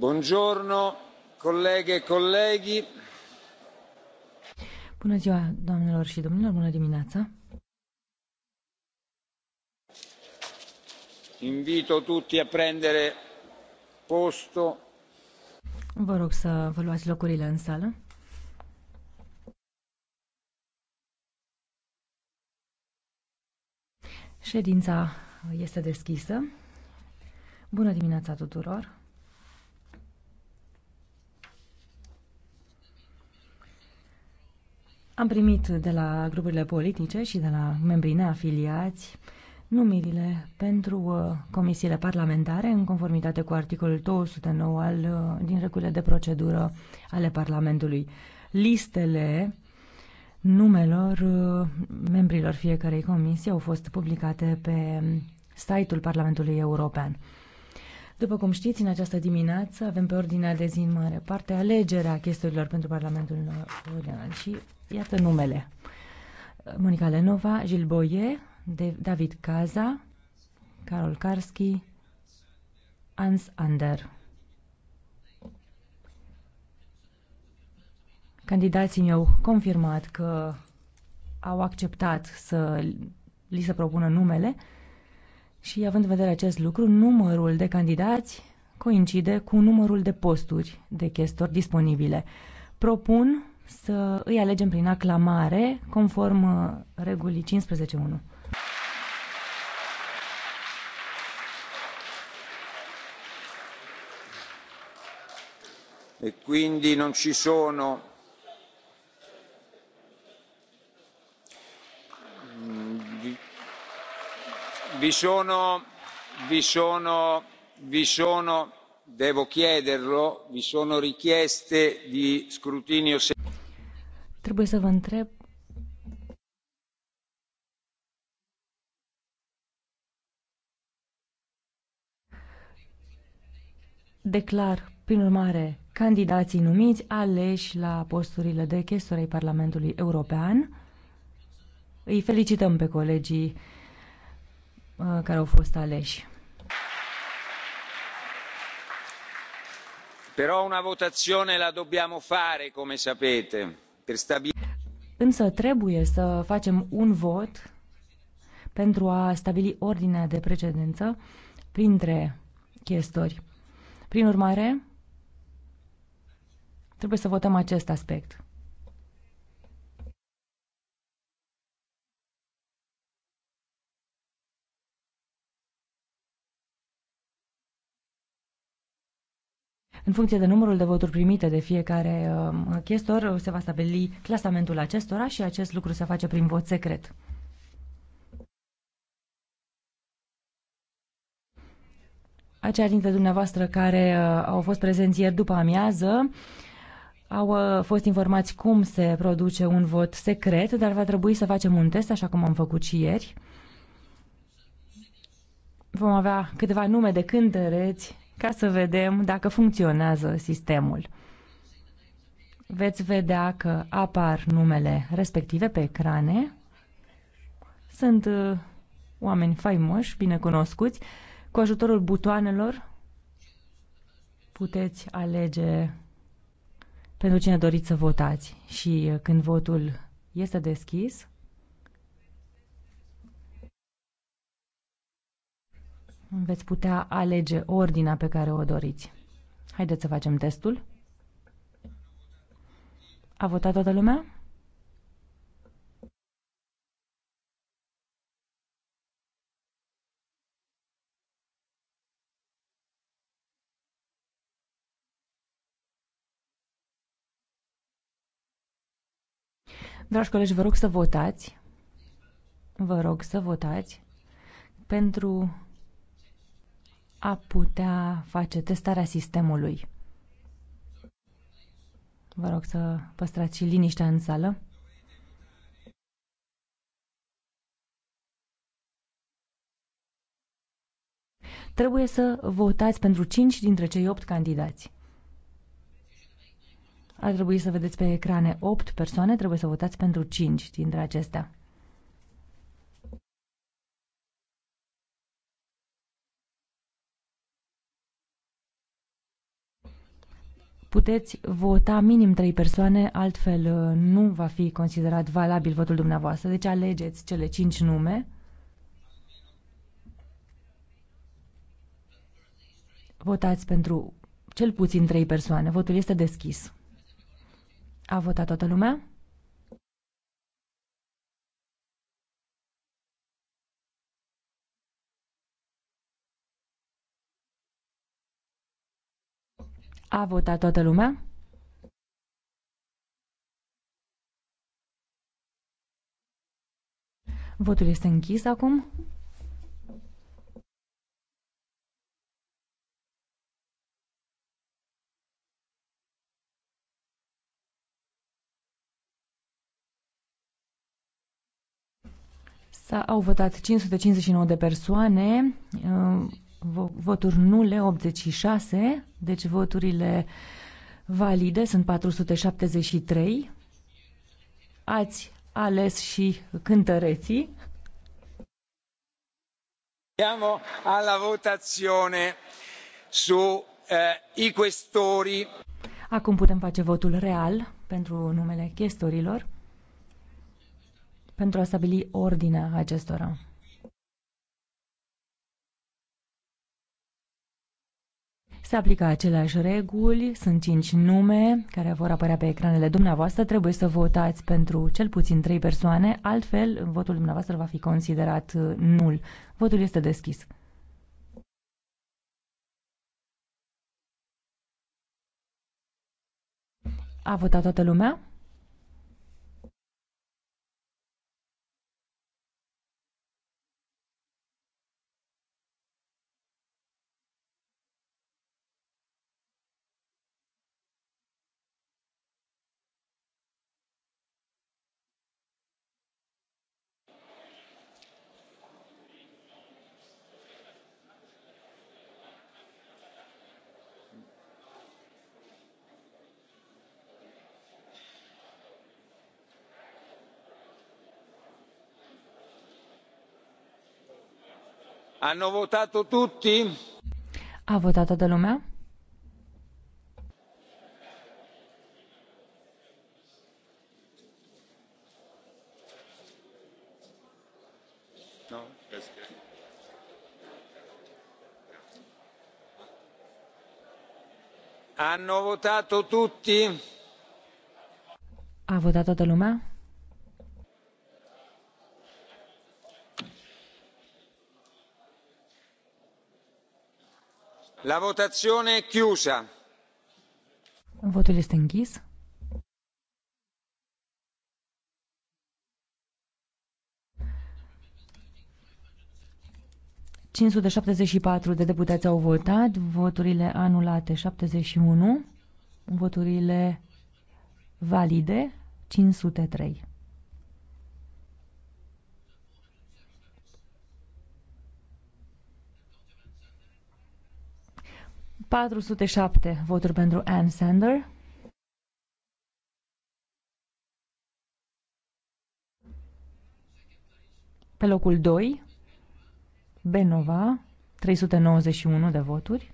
Bună ziua, doamnelor și domnilor, bună dimineața. Invito tutti a prendere posto. Vă rog să vă luați locurile în sală. Ședința este deschisă. Bună dimineața tuturor! Am primit de la grupurile politice și de la membrii neafiliați numirile pentru uh, comisiile parlamentare în conformitate cu articolul 209 al, uh, din regulile de procedură ale Parlamentului. Listele numelor uh, membrilor fiecarei comisii au fost publicate pe site-ul Parlamentului European. După cum știți, în această dimineață avem pe ordinea de zi în mare parte alegerea chestiilor pentru Parlamentul Național și iată numele. Monica Lenova, Gilles Boie, David Caza, Carol Karski, Hans Ander. Candidații mi-au confirmat că au acceptat să li se propună numele. Și având în vedere acest lucru, numărul de candidați coincide cu numărul de posturi de chestori disponibile. Propun să îi alegem prin aclamare, conform uh, regulii 15.1. E quindi non ci sono vi sono devo chiederlo vi sono richieste di scrutinio trebuie să vă întreb declar prin urmare candidații numiți aleși la posturile de chestori ai Parlamentului European. Îi felicităm pe colegii Uh, care au fost aleși. Però una votazione la dobbiamo fare, come sapete, per stabilire. Însă trebuie să facem un vot pentru a stabili ordinea de precedență printre chestori. Prin urmare, trebuie să votăm acest aspect. În funcție de numărul de voturi primite de fiecare uh, chestor, se va stabili clasamentul acestora și acest lucru se face prin vot secret. Aceia dintre dumneavoastră care uh, au fost prezenți ieri după amiază au uh, fost informați cum se produce un vot secret, dar va trebui să facem un test, așa cum am făcut și ieri. Vom avea câteva nume de cântăreți ca să vedem dacă funcționează sistemul. Veți vedea că apar numele respective pe ecrane. Sunt uh, oameni faimoși, binecunoscuți. Cu ajutorul butoanelor puteți alege pentru cine doriți să votați. Și uh, când votul este deschis, Veți putea alege ordinea pe care o doriți. Haideți să facem testul. A votat toată lumea? Dragi colegi, vă rog să votați. Vă rog să votați pentru a putea face testarea sistemului. Vă rog să păstrați și liniștea în sală. Trebuie să votați pentru 5 dintre cei 8 candidați. Ar trebui să vedeți pe ecrane 8 persoane, trebuie să votați pentru 5 dintre acestea. puteți vota minim trei persoane, altfel uh, nu va fi considerat valabil votul dumneavoastră. Deci alegeți cele cinci nume. Votați pentru cel puțin trei persoane. Votul este deschis. A votat toată lumea? A votat toată lumea? Votul este închis acum. S-au votat 559 de persoane. Uh, voturi nule 86, deci voturile valide sunt 473. Ați ales și cântăreții. Siamo alla votazione su eh, i questori. Acum putem face votul real pentru numele chestorilor pentru a stabili ordinea acestora. Se aplică aceleași reguli, sunt cinci nume care vor apărea pe ecranele dumneavoastră, trebuie să votați pentru cel puțin trei persoane, altfel votul dumneavoastră va fi considerat uh, nul. Votul este deschis. A votat toată lumea? Hanno votato tutti? A votato toată lumea? Hanno votato tutti? A votato toată lumea? La votazione è chiusa. Votul este închis. de deputați au votat, voturile anulate 71, voturile valide 503. 407 voturi pentru Ann Sander. Pe locul 2, Benova, 391 de voturi.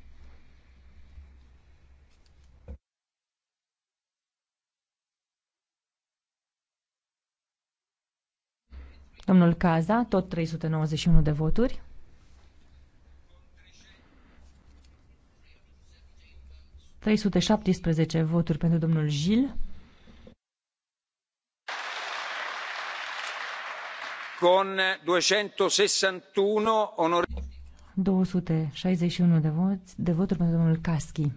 Domnul Caza, tot 391 de voturi. 317 voturi pentru domnul Gil. Con 261 onore... 261 de, voți, de voturi pentru domnul Caschi.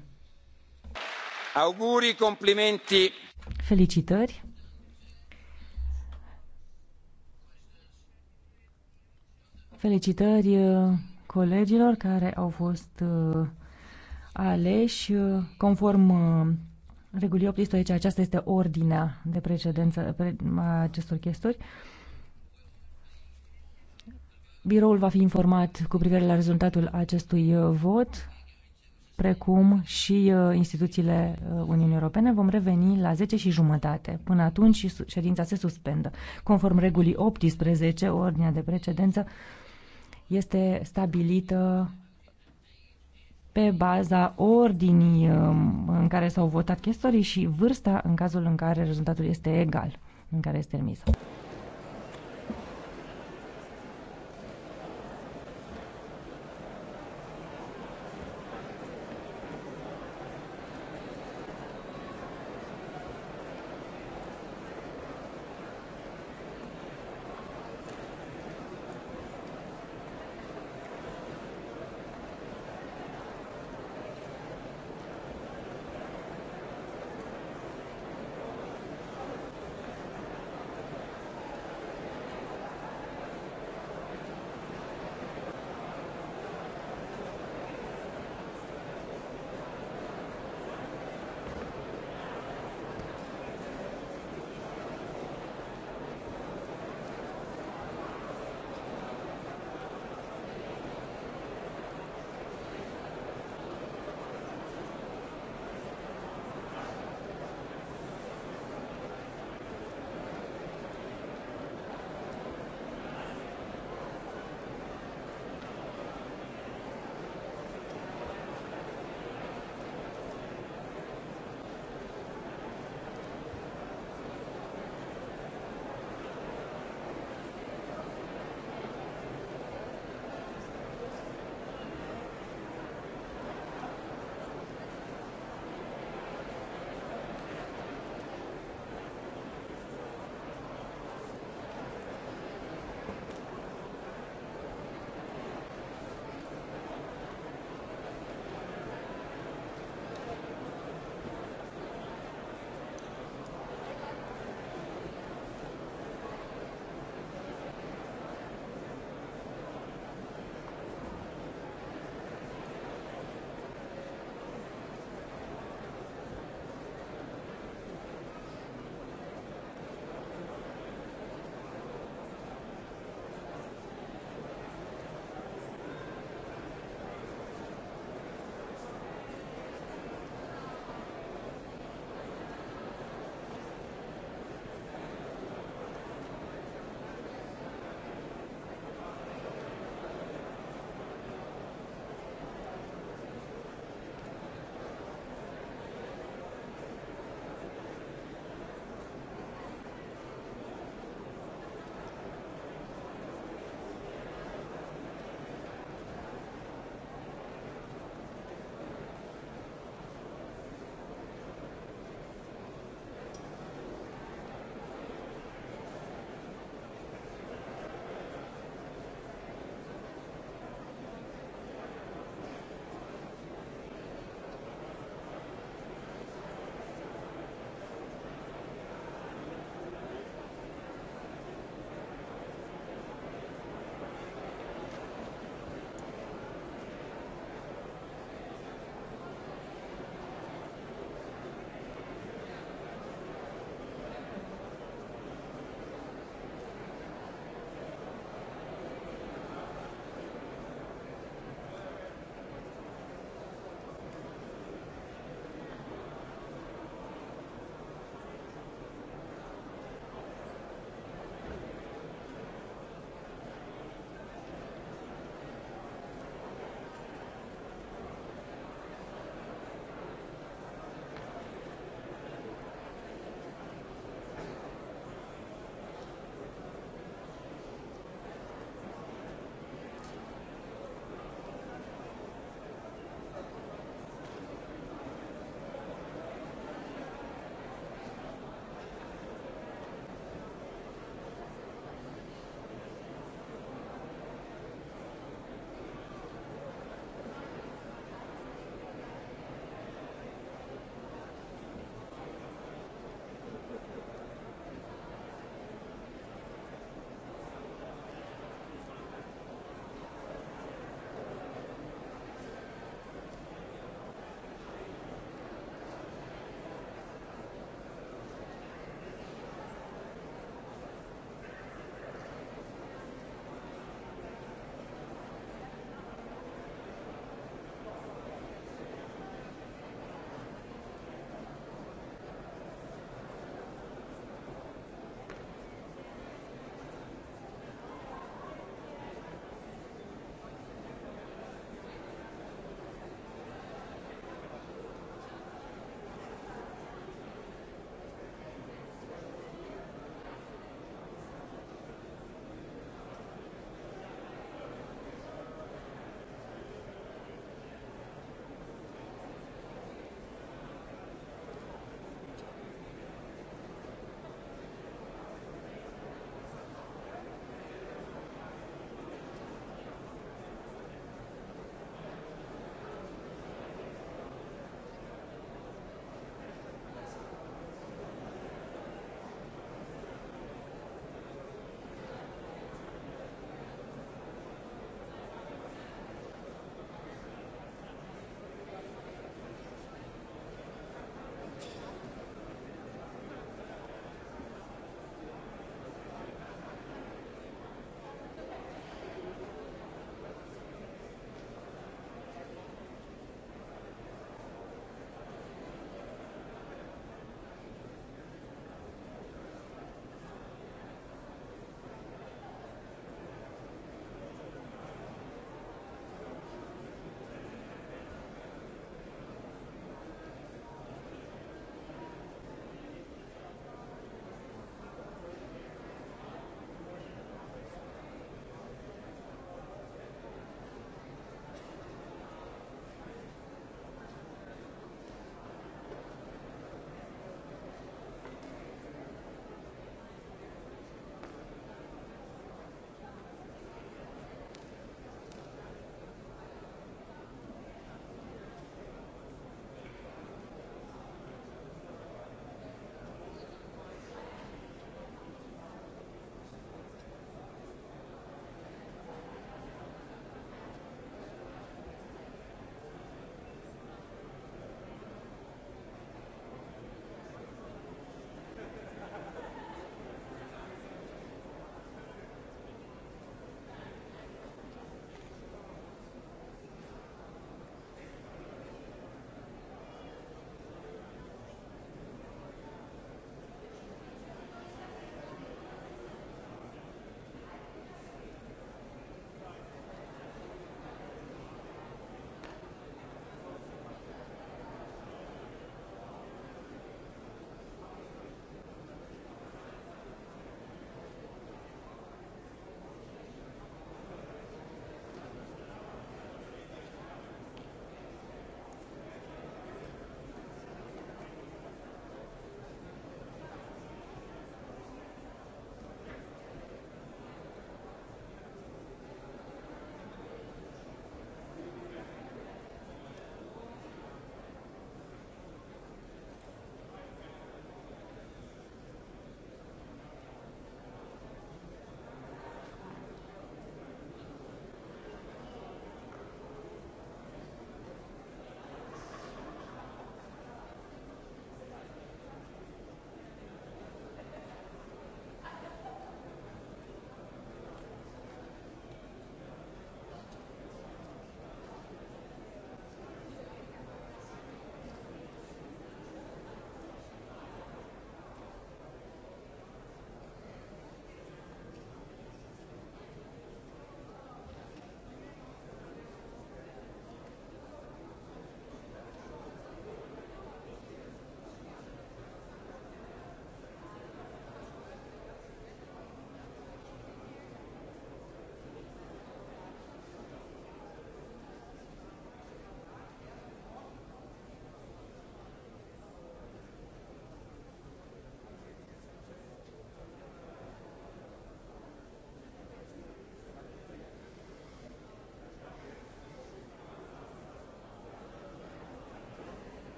Auguri, complimenti. Felicitări. Felicitări uh, colegilor care au fost uh, aleși uh, conform uh, regulii 18, aceasta este ordinea de precedență a acestor chestiuni. Biroul va fi informat cu privire la rezultatul acestui uh, vot, precum și instituțiile Uniunii Europene. Vom reveni la 10 și jumătate. Până atunci ședința se suspendă. Conform regulii 18, ordinea de precedență este stabilită pe baza ordinii um, în care s-au votat chestorii și vârsta în cazul în care rezultatul este egal, în care este emisă.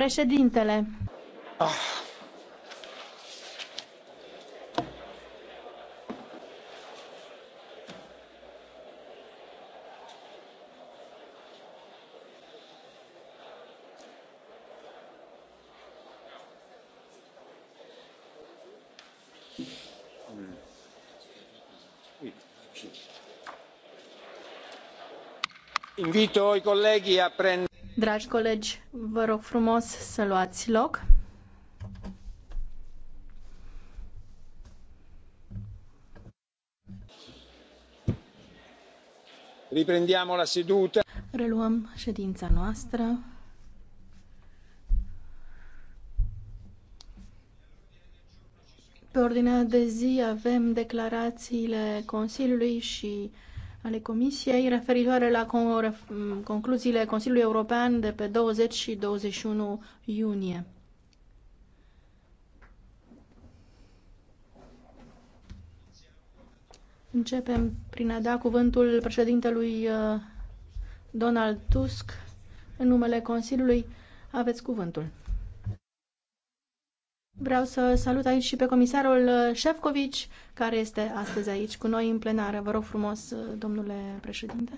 Președintele. Ah. invito i colleghi a prendere Dragi colegi, vă rog frumos să luați loc. Riprendiamo la seduta. Reluăm ședința noastră. Pe ordinea de zi avem declarațiile Consiliului și ale Comisiei referitoare la concluziile Consiliului European de pe 20 și 21 iunie. Începem prin a da cuvântul președintelui uh, Donald Tusk în numele Consiliului. Aveți cuvântul. Vreau să salut aici și pe comisarul uh, Șefcovici, care este astăzi aici cu noi în plenară. Vă rog frumos, uh, domnule președinte.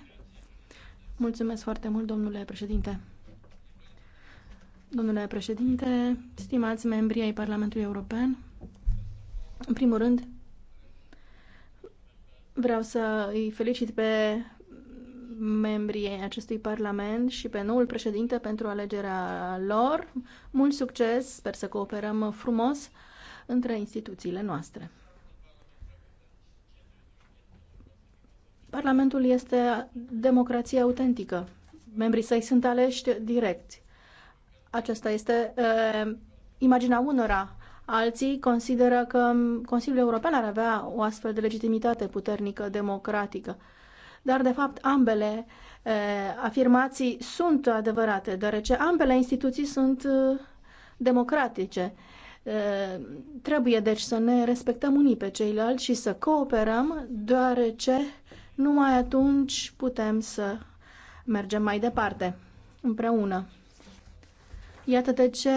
Mulțumesc foarte mult, domnule președinte. Domnule președinte, stimați membri ai Parlamentului European, în primul rând, vreau să îi felicit pe membrii acestui Parlament și pe noul președinte pentru alegerea lor. Mult succes, sper să cooperăm frumos între instituțiile noastre. Parlamentul este democrație autentică. Membrii săi sunt aleși direct. Aceasta este uh, imaginea unora. Alții consideră că Consiliul European ar avea o astfel de legitimitate puternică democratică. Uh, dar de fapt ambele uh, afirmații sunt adevărate, deoarece ambele instituții sunt uh, democratice. Uh, trebuie deci să ne respectăm unii pe ceilalți și să cooperăm, deoarece numai atunci putem să mergem mai departe împreună. Iată de ce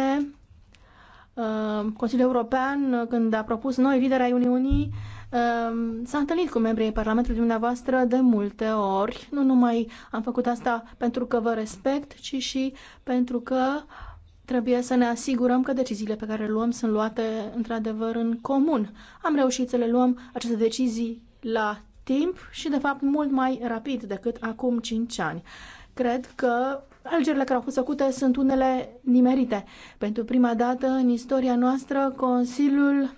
Consiliul European, când a propus noi lideri ai Uniunii, Ehm, s-a întâlnit cu membrii Parlamentului dumneavoastră de multe ori. Nu numai am făcut asta pentru că vă respect, ci și pentru că trebuie să ne asigurăm că deciziile pe care le luăm sunt luate într-adevăr în comun. Am reușit să le luăm aceste decizii la timp și, de fapt, mult mai rapid decât acum 5 ani. Cred că Alegerile care au fost făcute sunt unele nimerite. Pentru prima dată în istoria noastră, Consiliul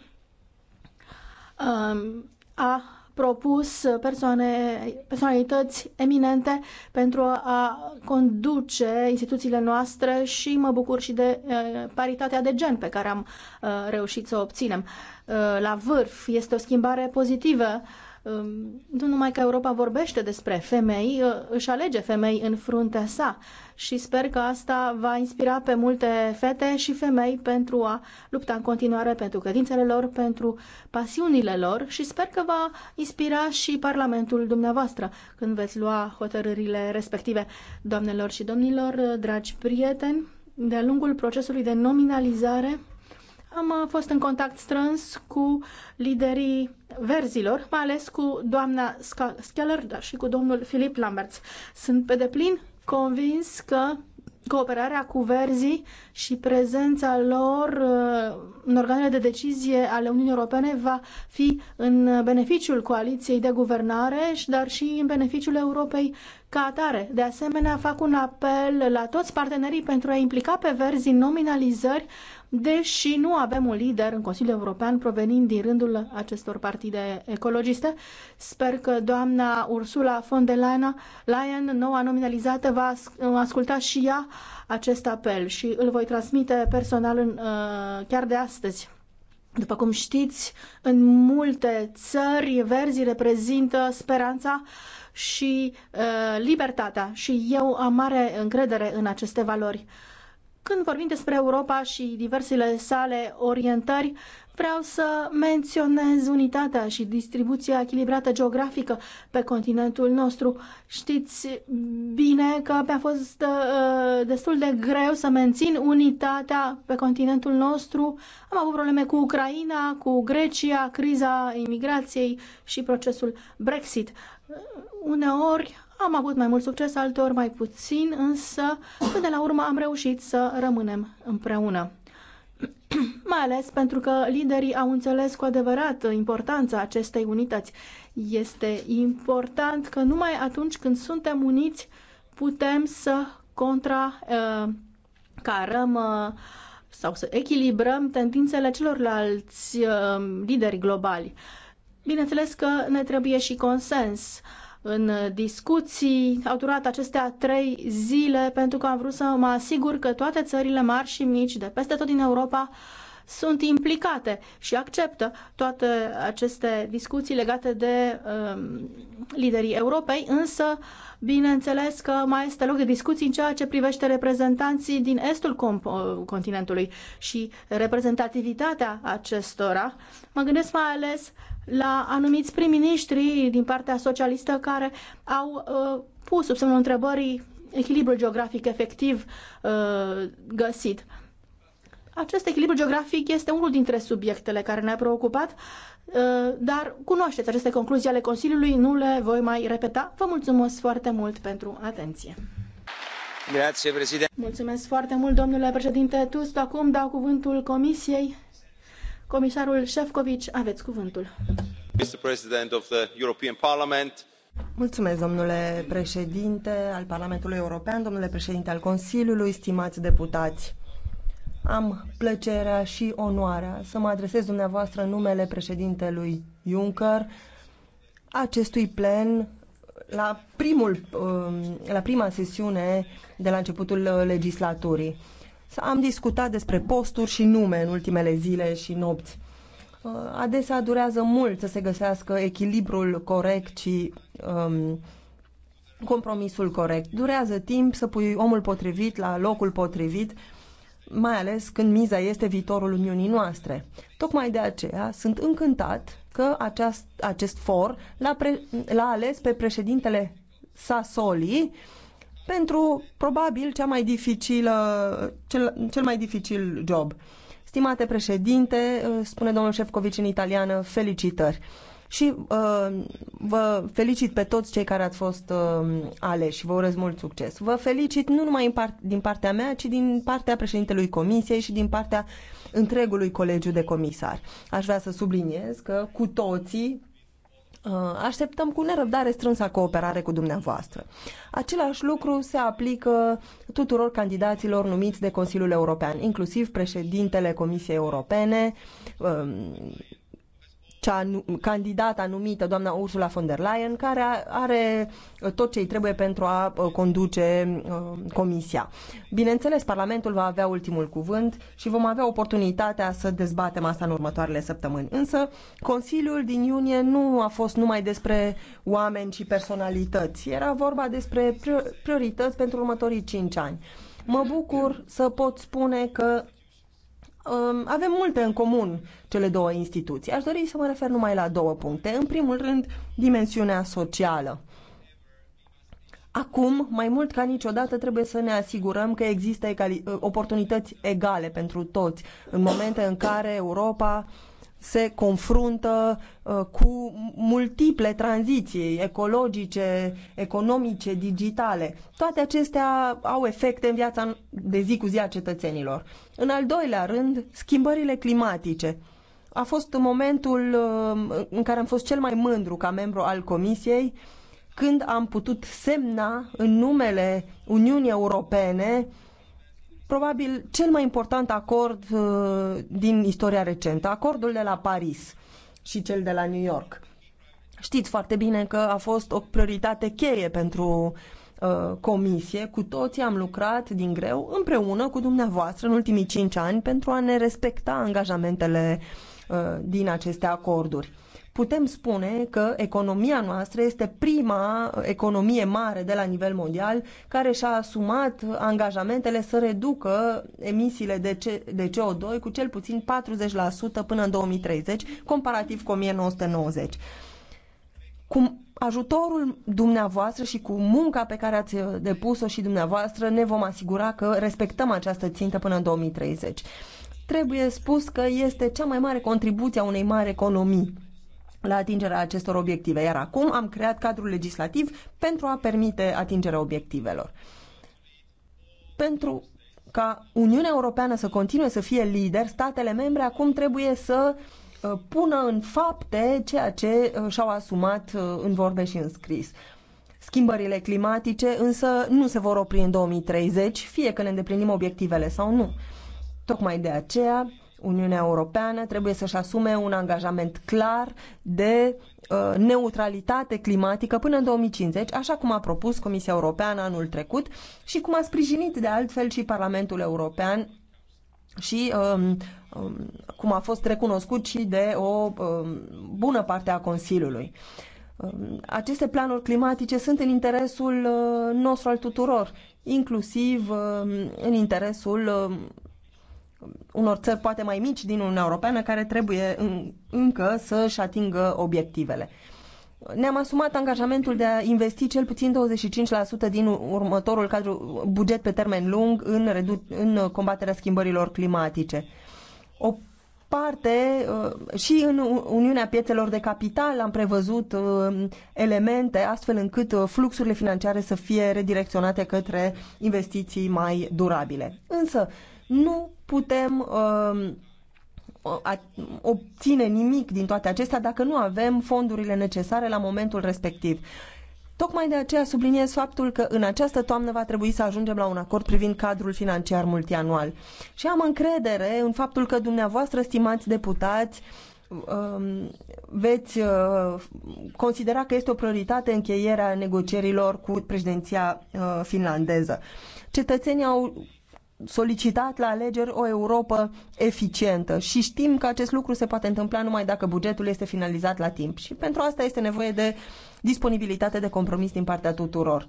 Um, a propus persoane, personalități eminente pentru a conduce instituțiile noastre și mă bucur și de uh, paritatea de gen pe care am uh, reușit să o obținem. Uh, la vârf este o schimbare pozitivă. Um, nu numai că Europa vorbește despre femei, își alege femei în fruntea sa și sper că asta va inspira pe multe fete și femei pentru a lupta în continuare pentru credințele lor, pentru pasiunile lor și sper că va inspira și Parlamentul dumneavoastră când veți lua hotărârile respective. Doamnelor și domnilor, dragi prieteni, de-a lungul procesului de nominalizare am fost în contact strâns cu liderii verzilor, mai ales cu doamna Skeller, dar și cu domnul Filip Lamberts. Sunt pe deplin convins că cooperarea cu verzii și prezența lor uh, în organele de decizie ale Uniunii Europene va fi în beneficiul coaliției de guvernare, dar și în beneficiul Europei ca atare. De asemenea, fac un apel la toți partenerii pentru a implica pe verzi în nominalizări deși nu avem un lider în Consiliul European provenind din rândul acestor partide ecologiste. Sper că doamna Ursula von der Leyen, noua nominalizată, va asculta și ea acest apel și îl voi transmite personal în, uh, chiar de astăzi. După cum știți, în multe țări verzi reprezintă speranța și uh, libertatea și eu am mare încredere în aceste valori. Când vorbim despre Europa și diversele sale orientări, vreau să menționez unitatea și distribuția echilibrată geografică pe continentul nostru. Știți bine că mi-a fost uh, destul de greu să mențin unitatea pe continentul nostru. Am avut probleme cu Ucraina, cu Grecia, criza imigrației și procesul Brexit. Uneori am avut mai mult succes, alteori mai puțin, însă până la urmă am reușit să rămânem împreună. mai ales pentru că liderii au înțeles cu adevărat importanța acestei unități. Este important că numai atunci când suntem uniți putem să contracarăm uh, uh, sau să echilibrăm tendințele celorlalți uh, lideri globali. Bineînțeles că ne trebuie și consens. Uh, în discuții. Au durat acestea trei zile pentru că am vrut să mă asigur că toate țările mari și mici de peste tot din Europa sunt implicate și acceptă toate aceste discuții legate de um, liderii Europei, însă, bineînțeles că mai este loc de discuții în ceea ce privește reprezentanții din estul continentului și reprezentativitatea acestora. Mă gândesc mai ales la anumiți prim-ministri din partea socialistă care au uh, pus sub semnul întrebării echilibrul geografic efectiv uh, găsit. Acest echilibru geografic este unul dintre subiectele care ne-a preocupat, uh, dar cunoașteți aceste concluzii ale Consiliului, nu le voi mai repeta. Vă mulțumesc foarte mult pentru atenție. Grazie, Mulțumesc foarte mult, domnule președinte Tusk. Acum dau cuvântul Comisiei. Comisarul Șefcovici, aveți cuvântul. Mulțumesc, domnule președinte al Parlamentului European, domnule președinte al Consiliului, stimați deputați. Am plăcerea și onoarea să mă adresez dumneavoastră în numele președintelui Juncker acestui plen la, primul, um, la prima sesiune de la începutul legislaturii. Am discutat despre posturi și nume în ultimele zile și nopți. Uh, adesea durează mult să se găsească echilibrul corect și um, compromisul corect. Durează timp să pui omul potrivit la locul potrivit, mai ales când miza este viitorul Uniunii noastre. Tocmai de aceea sunt încântat că aceast, acest for l-a, pre, l-a ales pe președintele Sassoli, uh, pentru probabil cea mai dificilă, cel, cel mai dificil job. Stimate președinte, uh, spune domnul Șefcovici în italiană, felicitări. Și uh, vă felicit pe toți cei care ați fost uh, aleși și vă urez mult succes. Vă felicit nu numai par- din partea mea, ci din partea președintelui Comisiei și din partea întregului colegiu de comisari. Aș vrea să subliniez că cu toții Uh, așteptăm cu nerăbdare strânsa cooperare cu dumneavoastră. Același lucru se aplică tuturor candidaților numiți de Consiliul European, inclusiv președintele Comisiei Europene, um, cea candidata numită, doamna Ursula von der Leyen, care are tot ce îi trebuie pentru a uh, conduce uh, comisia. Bineînțeles, Parlamentul va avea ultimul cuvânt și vom avea oportunitatea să dezbatem asta în următoarele săptămâni. Însă, Consiliul din iunie nu a fost numai despre oameni și personalități. Era vorba despre priorități pentru următorii cinci ani. Mă bucur să pot spune că Um, avem multe în comun cele două instituții. Aș dori să mă refer numai la două puncte. În primul rând, dimensiunea socială. Acum, mai mult ca niciodată, trebuie să ne asigurăm că există egali- oportunități egale pentru toți, în momente în care Europa uh, se confruntă uh, cu multiple tranziții ecologice, economice, digitale. Toate acestea au efecte în viața de zi cu zi a cetățenilor. În al doilea rând, schimbările climatice. A fost momentul uh, în care am fost cel mai mândru ca membru al Comisiei când am putut semna în numele Uniunii Europene probabil cel mai important acord uh, din istoria recentă, acordul de la Paris și cel de la New York. Știți foarte bine că a fost o prioritate cheie pentru uh, comisie. Cu toții am lucrat din greu împreună cu dumneavoastră în ultimii cinci ani pentru a ne respecta angajamentele uh, din aceste acorduri putem spune că economia noastră este prima economie mare de la nivel mondial care și-a asumat angajamentele să reducă emisiile de, CO2 cu cel puțin 40% până în 2030, comparativ cu 1990. Cu ajutorul dumneavoastră și cu munca pe care ați depus-o și dumneavoastră ne vom asigura că respectăm această țintă până în 2030. Trebuie spus că este cea mai mare contribuție a unei mari economii la atingerea acestor obiective. Iar acum am creat cadrul legislativ pentru a permite atingerea obiectivelor. Pentru ca Uniunea Europeană să continue să fie lider, statele membre acum trebuie să uh, pună în fapte ceea ce uh, și-au asumat uh, în vorbe și în scris. Schimbările climatice însă nu se vor opri în 2030, fie că ne îndeplinim obiectivele sau nu. Tocmai de aceea Uniunea Europeană trebuie să-și asume un angajament clar de uh, neutralitate climatică până în 2050, așa cum a propus Comisia Europeană anul trecut și cum a sprijinit de altfel și Parlamentul European și um, um, cum a fost recunoscut și de o um, bună parte a Consiliului. Um, aceste planuri climatice sunt în interesul uh, nostru al tuturor, inclusiv um, în interesul um, unor țări poate mai mici din Uniunea Europeană care trebuie în, încă să-și atingă obiectivele. Ne-am asumat angajamentul de a investi cel puțin 25% din următorul cadru buget pe termen lung în, în combaterea schimbărilor climatice. O parte uh, și în Uniunea Piețelor de Capital am prevăzut uh, elemente astfel încât uh, fluxurile financiare să fie redirecționate către investiții mai durabile. Însă, nu putem uh, obține nimic din toate acestea dacă nu avem fondurile necesare la momentul respectiv. Tocmai de aceea subliniez faptul că în această toamnă va trebui să ajungem la un acord privind cadrul financiar multianual. Și am încredere în faptul că dumneavoastră, stimați deputați, um, veți uh, considera că este o prioritate încheierea negocierilor cu președinția uh, finlandeză. Cetățenii au solicitat la alegeri o Europa eficientă și știm că acest lucru se poate întâmpla numai dacă bugetul este finalizat la timp și pentru asta este nevoie de disponibilitate de compromis din partea tuturor.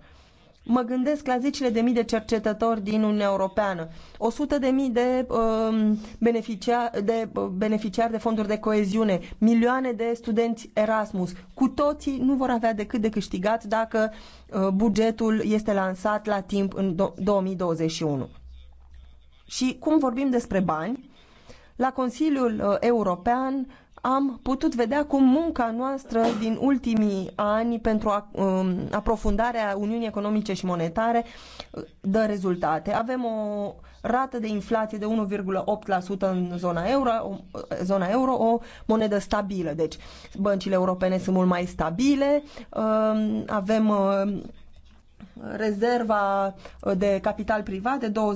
Mă gândesc la zecile de mii de cercetători din Uniunea Europeană, 100 de mii de, um, beneficia, de uh, beneficiari de fonduri de coeziune, milioane de studenți Erasmus. Cu toții nu vor avea decât de câștigat dacă uh, bugetul este lansat la timp în 2021. Și cum vorbim despre bani, la Consiliul uh, European am putut vedea cum munca noastră din ultimii ani pentru a, um, aprofundarea Uniunii Economice și Monetare uh, dă rezultate. Avem o rată de inflație de 1,8% în zona euro, o, uh, zona euro, o monedă stabilă. Deci băncile europene sunt mult mai stabile, um, avem um, rezerva uh, de capital privat de 20% um,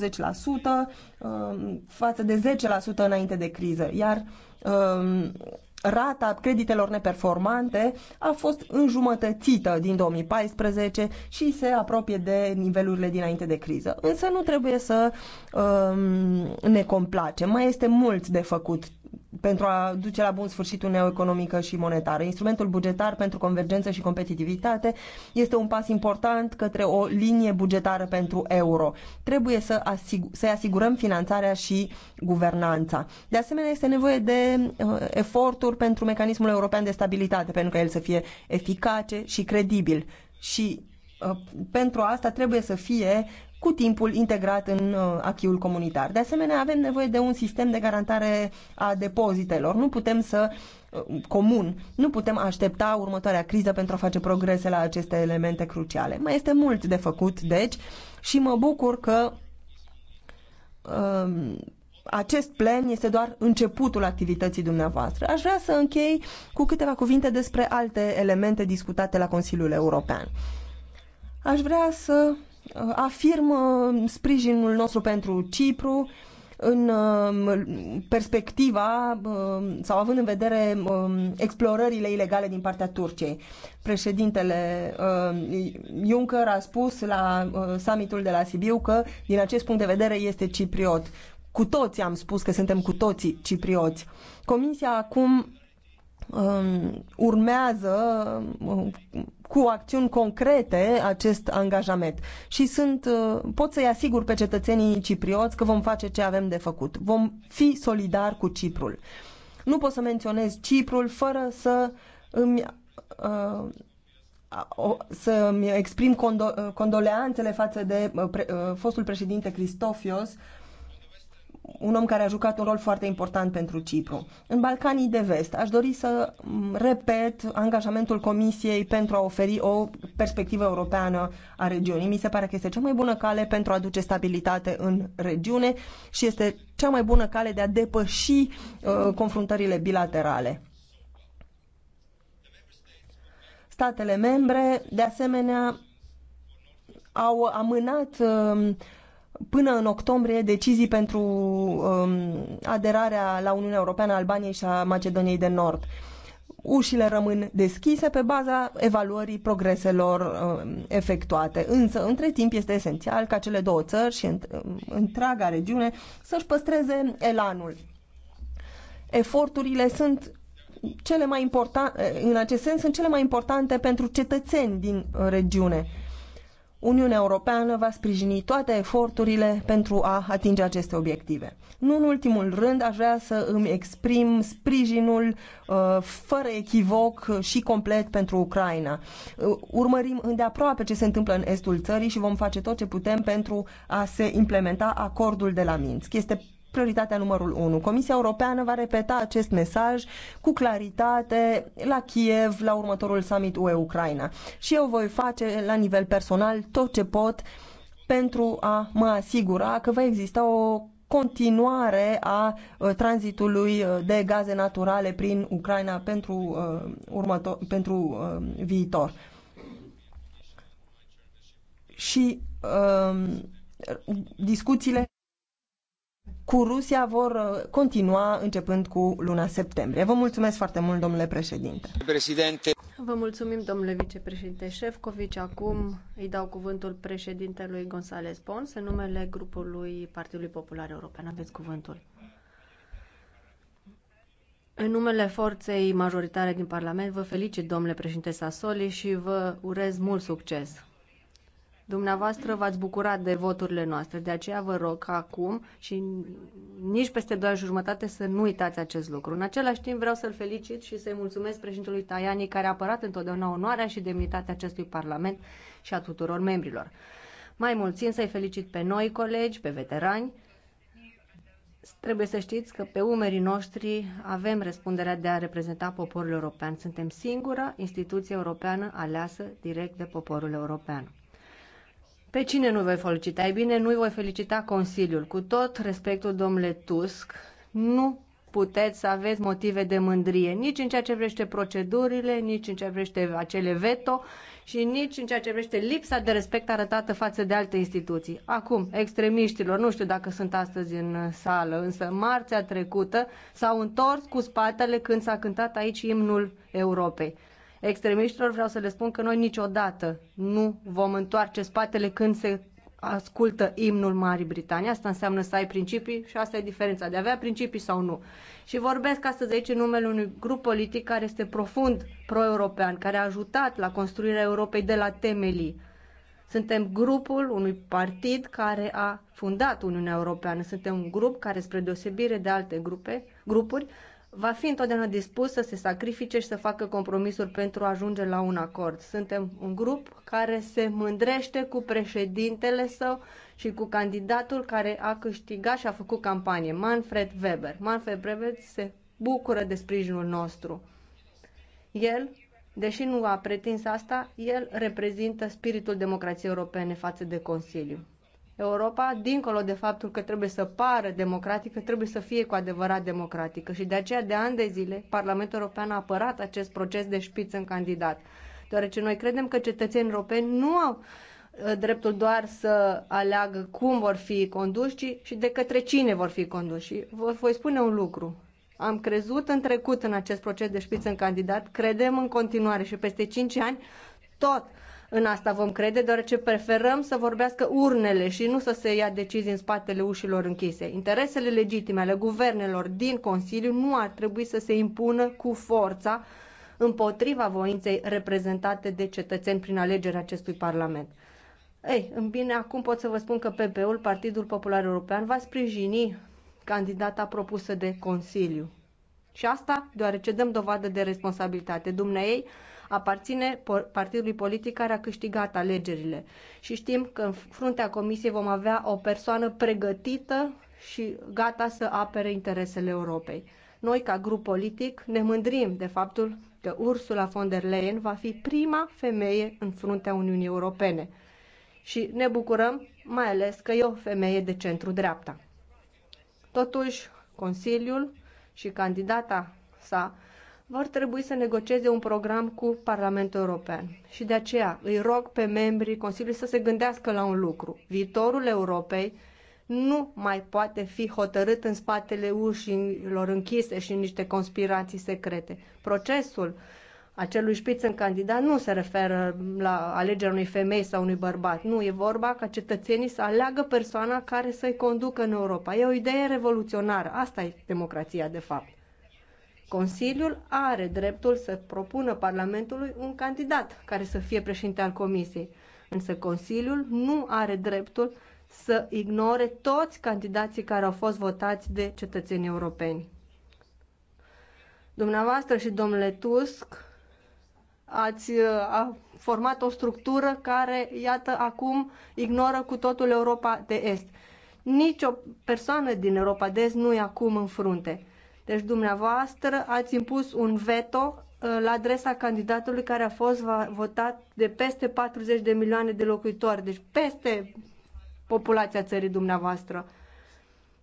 față de 10% înainte de criză, iar um, rata creditelor neperformante a fost înjumătățită din 2014 și se apropie de nivelurile dinainte de criză. Însă nu trebuie să um, ne complacem, mai este mult de făcut pentru a duce la bun sfârșit Uniunea Economică și Monetară. Instrumentul bugetar pentru convergență și competitivitate este un pas important către o linie bugetară pentru euro. Trebuie să asigur, să asigurăm finanțarea și guvernanța. De asemenea, este nevoie de uh, eforturi pentru mecanismul european de stabilitate, pentru ca el să fie eficace și credibil. Și uh, pentru asta trebuie să fie cu timpul integrat în uh, achiul comunitar. De asemenea, avem nevoie de un sistem de garantare a depozitelor. Nu putem să uh, comun. Nu putem aștepta următoarea criză pentru a face progrese la aceste elemente cruciale. Mai este mult de făcut, deci, și mă bucur că um, acest plen este doar începutul activității dumneavoastră. Aș vrea să închei cu câteva cuvinte despre alte elemente discutate la Consiliul European. Aș vrea să Uh, afirm sprijinul nostru pentru Cipru în uh, perspectiva uh, sau având în vedere um, explorările ilegale din partea Turciei. Președintele Juncker a spus la summitul de la Sibiu că din acest punct de vedere este cipriot. Cu toții am spus că suntem cu toții ciprioți. Comisia acum um, urmează um, cu acțiuni concrete acest angajament. Și sunt, uh, pot să-i asigur pe cetățenii ciprioți că vom face ce avem de făcut. Vom fi solidari cu Ciprul. Nu pot să menționez Ciprul fără să îmi uh, să-mi exprim condo- uh, condoleanțele față de uh, pre- uh, fostul președinte Cristofios, un om care a jucat un rol foarte important pentru Cipru. În Balcanii de Vest, aș dori să mm, repet angajamentul Comisiei pentru a oferi o perspectivă europeană a regiunii. Mi se pare că este cea mai bună cale pentru a aduce stabilitate în regiune și este cea mai bună cale de a depăși uh, confruntările bilaterale. Statele membre, de asemenea, au amânat uh, până în octombrie decizii pentru um, aderarea la Uniunea Europeană a Albaniei și a Macedoniei de Nord. Ușile rămân deschise pe baza evaluării progreselor um, efectuate. Însă, între timp, este esențial ca cele două țări și um, întreaga regiune să-și păstreze elanul. Eforturile sunt cele mai importante, în acest sens, sunt cele mai importante pentru cetățeni din uh, regiune Uniunea Europeană va sprijini toate eforturile pentru a atinge aceste obiective. Nu în ultimul rând, aș vrea să îmi exprim sprijinul uh, fără echivoc și complet pentru Ucraina. Uh, urmărim îndeaproape ce se întâmplă în estul țării și vom face tot ce putem pentru a se implementa acordul de la Minsk. Este prioritatea numărul 1. Comisia Europeană va repeta acest mesaj cu claritate la Kiev, la următorul summit UE-Ucraina. Și eu voi face la nivel personal tot ce pot pentru a mă asigura că va exista o continuare a uh, tranzitului uh, de gaze naturale prin Ucraina pentru, uh, următor, pentru uh, viitor. Și uh, discuțiile cu Rusia vor uh, continua începând cu luna septembrie. Vă mulțumesc foarte mult, domnule președinte. Președinte. Vă mulțumim, domnule vicepreședinte Șefcovici. Acum îi dau cuvântul președintelui González Pons în numele grupului Partidului Popular European. Aveți cuvântul. În numele forței majoritare din Parlament, vă felicit, domnule președinte Sassoli, și vă urez mult succes. Dumneavoastră v-ați bucurat de voturile noastre, de aceea vă rog ca acum și nici peste două jumătate să nu uitați acest lucru. În același timp vreau să-l felicit și să-i mulțumesc președintelui Tajani care a apărat întotdeauna onoarea și demnitatea acestui Parlament și a tuturor membrilor. Mai mult țin să-i felicit pe noi colegi, pe veterani. Trebuie să știți că pe umerii noștri avem răspunderea de a reprezenta poporul european. Suntem singura instituție europeană aleasă direct de poporul european. Pe cine nu voi felicita? Ei bine, nu-i voi felicita Consiliul. Cu tot respectul, domnule Tusk, nu puteți să aveți motive de mândrie, nici în ceea ce vrește procedurile, nici în ceea ce vrește acele veto și nici în ceea ce vrește lipsa de respect arătată față de alte instituții. Acum, extremiștilor, nu știu dacă sunt astăzi în sală, însă marțea trecută s-au întors cu spatele când s-a cântat aici imnul Europei extremiștilor, vreau să le spun că noi niciodată nu vom întoarce spatele când se ascultă imnul Marii Britanii. Asta înseamnă să ai principii și asta e diferența, de a avea principii sau nu. Și vorbesc astăzi aici în numele unui grup politic care este profund pro-european, care a ajutat la construirea Europei de la temelii. Suntem grupul unui partid care a fundat Uniunea Europeană. Suntem un grup care, spre deosebire de alte grupe, grupuri, va fi întotdeauna dispus să se sacrifice și să facă compromisuri pentru a ajunge la un acord. Suntem un grup care se mândrește cu președintele său și cu candidatul care a câștigat și a făcut campanie, Manfred Weber. Manfred Weber se bucură de sprijinul nostru. El, deși nu a pretins asta, el reprezintă spiritul democrației europene față de Consiliu. Europa, dincolo de faptul că trebuie să pară democratică, trebuie să fie cu adevărat democratică. Și de aceea, de ani de zile, Parlamentul European a apărat acest proces de șpiță în candidat. Deoarece noi credem că cetățenii europeni nu au uh, dreptul doar să aleagă cum vor fi conduși, ci și de către cine vor fi conduși. Vă voi spune un lucru. Am crezut în trecut în acest proces de șpiță în candidat, credem în continuare și peste 5 ani tot în asta vom crede, deoarece preferăm să vorbească urnele și nu să se ia decizii în spatele ușilor închise. Interesele legitime ale guvernelor din Consiliu nu ar trebui să se impună cu forța împotriva voinței reprezentate de cetățeni prin alegerea acestui Parlament. Ei, în bine, acum pot să vă spun că PP-ul, Partidul Popular European, va sprijini candidata propusă de Consiliu. Și asta deoarece dăm dovadă de responsabilitate. Dumnezei aparține partidului politic care a câștigat alegerile. Și știm că în fruntea Comisiei vom avea o persoană pregătită și gata să apere interesele Europei. Noi, ca grup politic, ne mândrim de faptul că Ursula von der Leyen va fi prima femeie în fruntea Uniunii Europene. Și ne bucurăm mai ales că e o femeie de centru-dreapta. Totuși, Consiliul și candidata sa vor trebui să negocieze un program cu Parlamentul European. Și de aceea îi rog pe membrii Consiliului să se gândească la un lucru. Viitorul Europei nu mai poate fi hotărât în spatele ușilor închise și în niște conspirații secrete. Procesul acelui șpiț în candidat nu se referă la alegerea unei femei sau unui bărbat. Nu, e vorba ca cetățenii să aleagă persoana care să-i conducă în Europa. E o idee revoluționară. Asta e democrația, de fapt. Consiliul are dreptul să propună Parlamentului un candidat care să fie președinte al Comisiei, însă Consiliul nu are dreptul să ignore toți candidații care au fost votați de cetățenii europeni. Dumneavoastră și domnule Tusk ați uh, a format o structură care, iată, acum ignoră cu totul Europa de Est. Nici o persoană din Europa de Est nu e acum în frunte. Deci dumneavoastră ați impus un veto uh, la adresa candidatului care a fost votat de peste 40 de milioane de locuitori, deci peste populația țării dumneavoastră.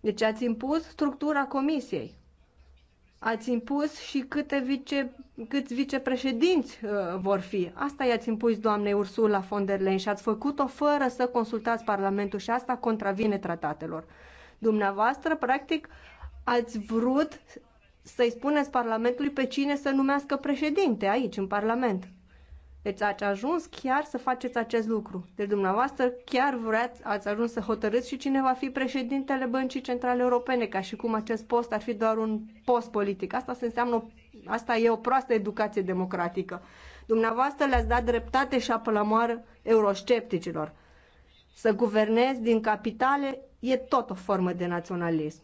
Deci ați impus structura comisiei. Ați impus și câte vice, câți vicepreședinți uh, vor fi. Asta i-ați impus doamnei Ursula von der Leyen și ați făcut-o fără să consultați Parlamentul și asta contravine tratatelor. Dumneavoastră, practic, ați vrut să-i spuneți Parlamentului pe cine să numească președinte aici, în Parlament. Deci ați ajuns chiar să faceți acest lucru. Deci dumneavoastră chiar vreați, ați ajuns să hotărâți și cine va fi președintele Băncii Centrale Europene, ca și cum acest post ar fi doar un post politic. Asta se înseamnă, asta e o proastă educație democratică. Dumneavoastră le-ați dat dreptate și apă la moară euroscepticilor. Să guvernezi din capitale e tot o formă de naționalism.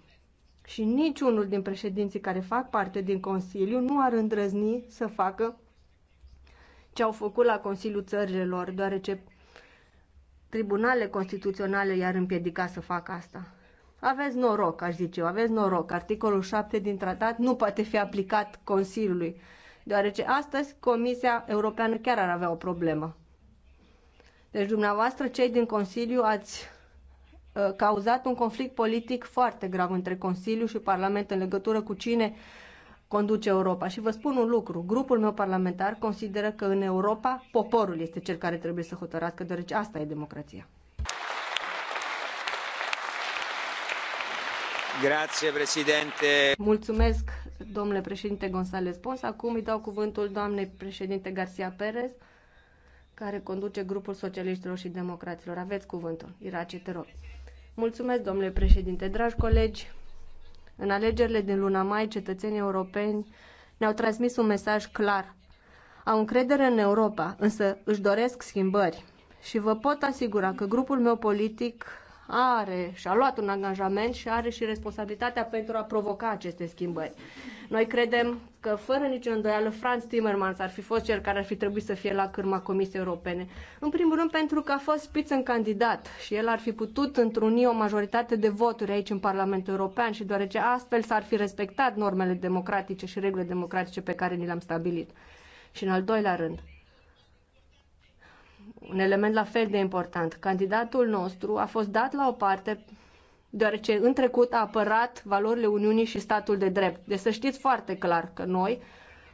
Și niciunul din președinții care fac parte din Consiliu nu ar îndrăzni să facă ce au făcut la Consiliul Țărilor, deoarece tribunale constituționale i-ar împiedica să facă asta. Aveți noroc, aș zice eu, aveți noroc. Articolul 7 din tratat nu poate fi aplicat Consiliului, deoarece astăzi Comisia Europeană chiar ar avea o problemă. Deci dumneavoastră, cei din Consiliu, ați Uh, cauzat un conflict politic foarte grav între Consiliu și Parlament în legătură cu cine conduce Europa. Și vă spun un lucru, grupul meu parlamentar consideră că în Europa poporul este cel care trebuie să hotărască, deoarece asta e democrația. Grazie, președinte. Mulțumesc, domnule președinte González Pons. Acum îi dau cuvântul doamnei președinte Garcia Perez, care conduce grupul socialiștilor și democraților. Aveți cuvântul. Irace, te rog. Mulțumesc, domnule președinte. Dragi colegi, în alegerile din luna mai, cetățenii europeni ne-au transmis un mesaj clar. Au încredere în Europa, însă își doresc schimbări. Și vă pot asigura că grupul meu politic are și a luat un angajament și are și responsabilitatea pentru a provoca aceste schimbări. Noi credem că fără nicio îndoială Franz Timmermans ar fi fost cel care ar fi trebuit să fie la cârma Comisiei Europene. În primul rând pentru că a fost în candidat și el ar fi putut întruni o majoritate de voturi aici în Parlamentul European și deoarece astfel s-ar fi respectat normele democratice și regulile democratice pe care ni le-am stabilit. Și în al doilea rând, un element la fel de important. Candidatul nostru a fost dat la o parte deoarece în trecut a apărat valorile Uniunii și statul de drept. Deci să știți foarte clar că noi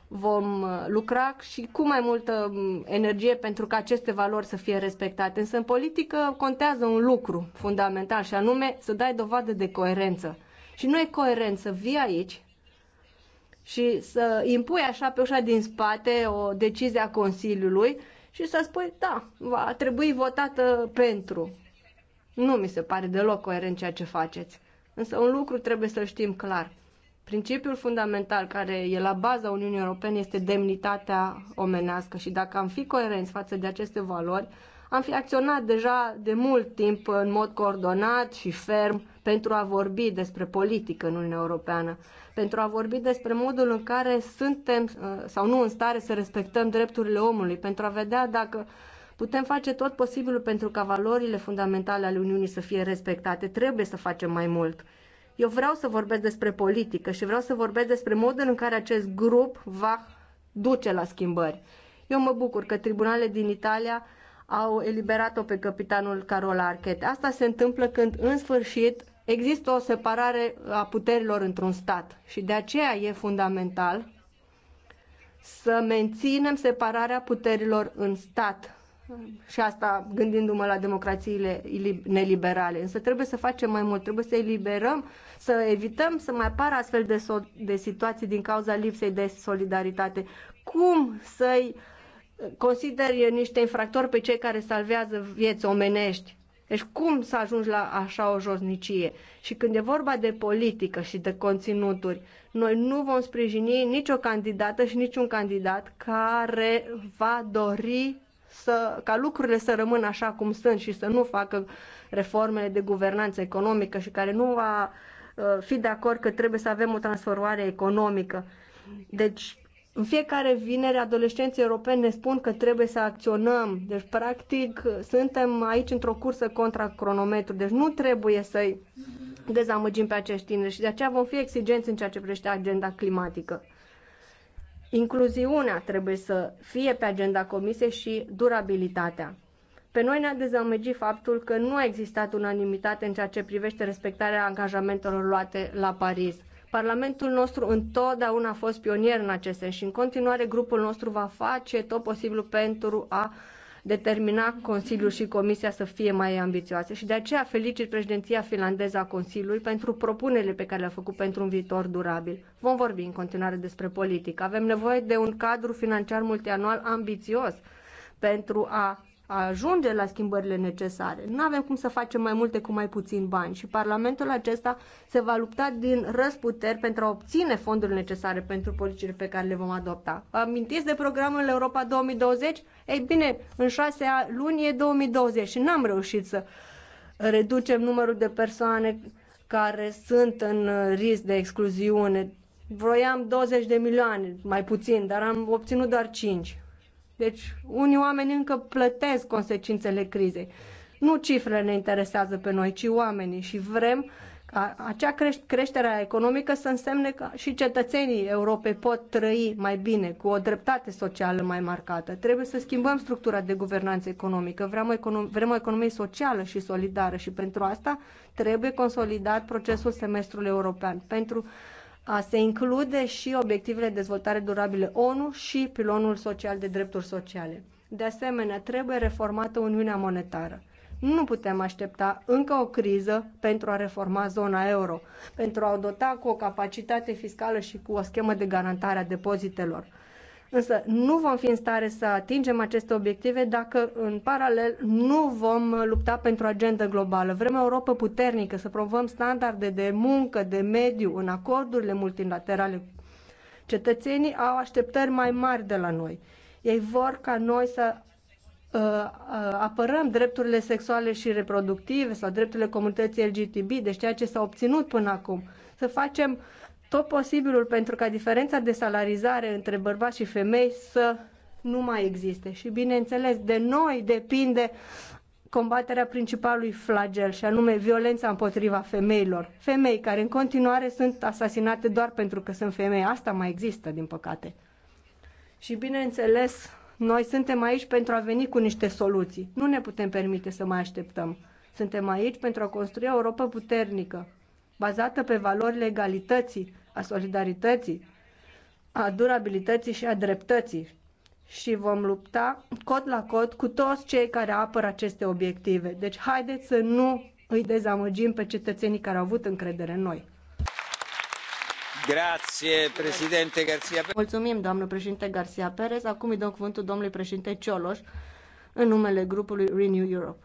vom uh, lucra și cu mai multă um, energie pentru ca aceste valori să fie respectate. Însă în politică contează un lucru fundamental și anume să dai dovadă de coerență. Și nu e coerent să vii aici și să impui așa pe ușa din spate o decizie a Consiliului și să spui, da, va trebui votată pentru. Nu mi se pare deloc coerent ceea ce faceți. Însă un lucru trebuie să știm clar. Principiul fundamental care e la baza Uniunii Europene este demnitatea omenească și dacă am fi coerenți față de aceste valori, am fi acționat deja de mult timp în mod coordonat și ferm pentru a vorbi despre politică în Uniunea Europeană, pentru a vorbi despre modul în care suntem uh, sau nu în stare să respectăm drepturile omului, pentru a vedea dacă uh, Putem face tot posibilul pentru ca valorile fundamentale ale Uniunii să fie respectate. Trebuie să facem mai mult. Eu vreau să vorbesc despre politică și vreau să vorbesc despre modul în care acest grup va duce la schimbări. Eu mă bucur că tribunalele din Italia au eliberat-o pe capitanul Carola Archete. Asta se întâmplă când, în sfârșit, există o separare a puterilor într-un stat și de aceea e fundamental să menținem separarea puterilor în stat și asta gândindu-mă la democrațiile neliberale. Însă trebuie să facem mai mult, trebuie să eliberăm, să evităm să mai apară astfel de, so- de situații din cauza lipsei de solidaritate. Cum să-i consideri niște infractori pe cei care salvează vieți omenești? Deci cum să ajungi la așa o josnicie? Și când e vorba de politică și de conținuturi, noi nu vom sprijini nicio candidată și niciun candidat care va dori să, ca lucrurile să rămână așa cum sunt și să nu facă reformele de guvernanță economică și care nu va uh, fi de acord că trebuie să avem o transformare economică. Deci, în fiecare vineri, adolescenții europeni ne spun că trebuie să acționăm. Deci, practic, suntem aici într-o cursă contra cronometru. Deci, nu trebuie să-i dezamăgim pe acești tineri și de aceea vom fi exigenți în ceea ce privește agenda climatică. Incluziunea trebuie să fie pe agenda comisiei și durabilitatea. Pe noi ne-a dezamăgit faptul că nu a existat unanimitate în ceea ce privește respectarea angajamentelor luate la Paris. Parlamentul nostru întotdeauna a fost pionier în acest sens și în continuare grupul nostru va face tot posibilul pentru a uh, determina Consiliul și Comisia să fie mai ambițioase și de aceea felicit președinția finlandeză a Consiliului pentru propunerile pe care le-a făcut pentru un viitor durabil. Vom vorbi în continuare despre politică. Avem nevoie de un cadru financiar multianual ambițios pentru a ajunge la schimbările necesare. Nu avem cum să facem mai multe cu mai puțin bani și Parlamentul acesta se va lupta din răsputeri pentru a obține fondurile necesare pentru politicile pe care le vom adopta. Amintiți de programul Europa 2020? Ei bine, în șase luni e 2020 și n-am reușit să reducem numărul de persoane care sunt în risc de excluziune. Vroiam 20 de milioane, mai puțin, dar am obținut doar 5. Deci, unii oameni încă plătesc consecințele crizei. Nu cifrele ne interesează pe noi, ci oamenii și vrem ca acea creștere economică să însemne că și cetățenii Europei pot trăi mai bine, cu o dreptate socială mai marcată. Trebuie să schimbăm structura de guvernanță economică. Vrem, economie, vrem o economie socială și solidară și pentru asta trebuie consolidat procesul semestrului european. Pentru se include și obiectivele de dezvoltare durabile ONU și pilonul social de drepturi sociale. De asemenea, trebuie reformată Uniunea Monetară. Nu putem aștepta încă o criză pentru a reforma zona euro, pentru a o dota cu o capacitate fiscală și cu o schemă de garantare a depozitelor. Însă nu vom fi în stare să atingem aceste obiective dacă în paralel nu vom lupta pentru agenda globală. Vrem o Europă puternică, să promovăm standarde de muncă, de mediu, în acordurile multilaterale. Cetățenii au așteptări mai mari de la noi. Ei vor ca noi să uh, uh apărăm drepturile sexuale și reproductive sau drepturile comunității LGTB, deci ceea ce s-a obținut până acum. Să facem tot posibilul pentru ca diferența de salarizare între bărbați și femei să nu mai existe. Și bineînțeles, de noi depinde combaterea principalului flagel și anume violența împotriva femeilor. Femei care în continuare sunt asasinate doar pentru că sunt femei. Asta mai există, din păcate. Și bineînțeles, noi suntem aici pentru a veni cu niște soluții. Nu ne putem permite să mai așteptăm. Suntem aici pentru a construi o Europa puternică, bazată pe valorile egalității, a solidarității, a durabilității și a dreptății. Și vom lupta cot la cot cu toți cei care apără aceste obiective. Deci haideți să nu îi dezamăgim pe cetățenii care au avut încredere în noi. Grazie, președinte Garcia. Mulțumim, doamnă președinte Garcia Perez. Acum îi dăm cuvântul domnului președinte Cioloș în numele grupului Renew Europe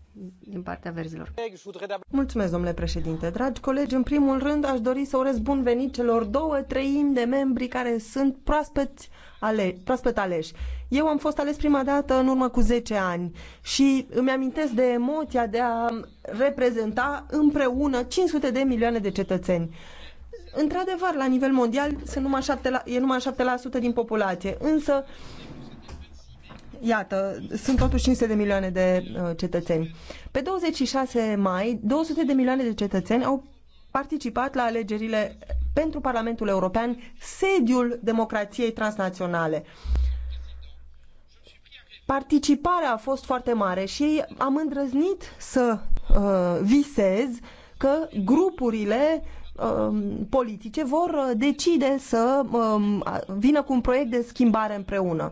din partea verzilor. Mulțumesc, domnule președinte. Dragi colegi, în primul rând aș dori să urez bun venit celor două treimi de membri care sunt proaspeți ale, proaspăt aleși. Eu am fost ales prima dată în urmă cu 10 ani și îmi amintesc de emoția de a reprezenta împreună 500 de milioane de cetățeni. Într-adevăr, la nivel mondial sunt numai 7 la, e numai 7% din populație, însă iată, sunt totuși 500 de milioane de uh, cetățeni. Pe 26 mai, 200 de milioane de cetățeni au participat la alegerile pentru Parlamentul European, sediul democrației transnaționale. Participarea a fost foarte mare și am îndrăznit să uh, visez că grupurile um, politice vor uh, decide să um, vină cu un proiect de schimbare împreună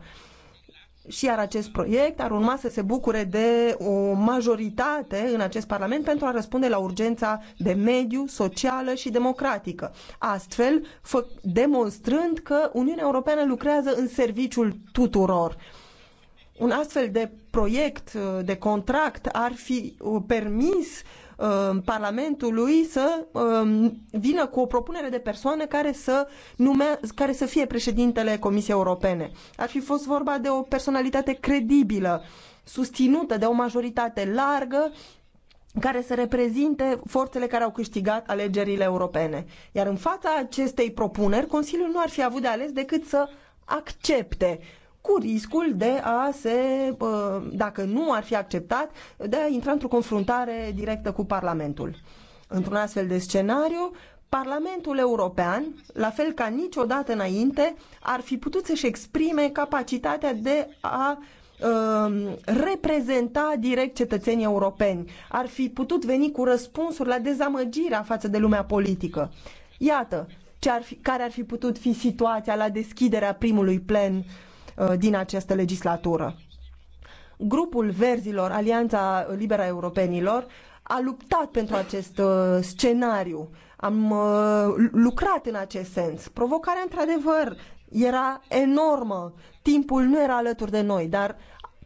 și iar acest proiect ar urma să se bucure de o majoritate în acest Parlament pentru a răspunde la urgența de mediu, socială și democratică. Astfel, demonstrând că Uniunea Europeană lucrează în serviciul tuturor. Un astfel de proiect, de contract, ar fi uh, permis uh, Uh, Parlamentului să um, vină cu o propunere de persoană care să, nume, care să fie președintele Comisiei Europene. Ar fi fost vorba de o personalitate credibilă, susținută de o majoritate largă care să reprezinte forțele care au câștigat alegerile europene. Iar în fața acestei propuneri, Consiliul nu ar fi avut de ales decât să accepte cu riscul de a se, uh, dacă nu ar fi acceptat, de a intra într-o confruntare directă cu Parlamentul. Într-un astfel de scenariu, Parlamentul European, la fel ca niciodată înainte, ar fi putut să-și exprime capacitatea de a uh, reprezenta direct cetățenii europeni. Ar fi putut veni cu răspunsuri la dezamăgirea față de lumea politică. Iată, ce ar fi, care ar fi putut fi situația la deschiderea primului plen Uh, din această legislatură. Grupul Verzilor, Alianța Libera Europenilor, a luptat pentru acest uh, scenariu. Am uh, lucrat în acest sens. Provocarea, într-adevăr, era enormă. Timpul nu era alături de noi, dar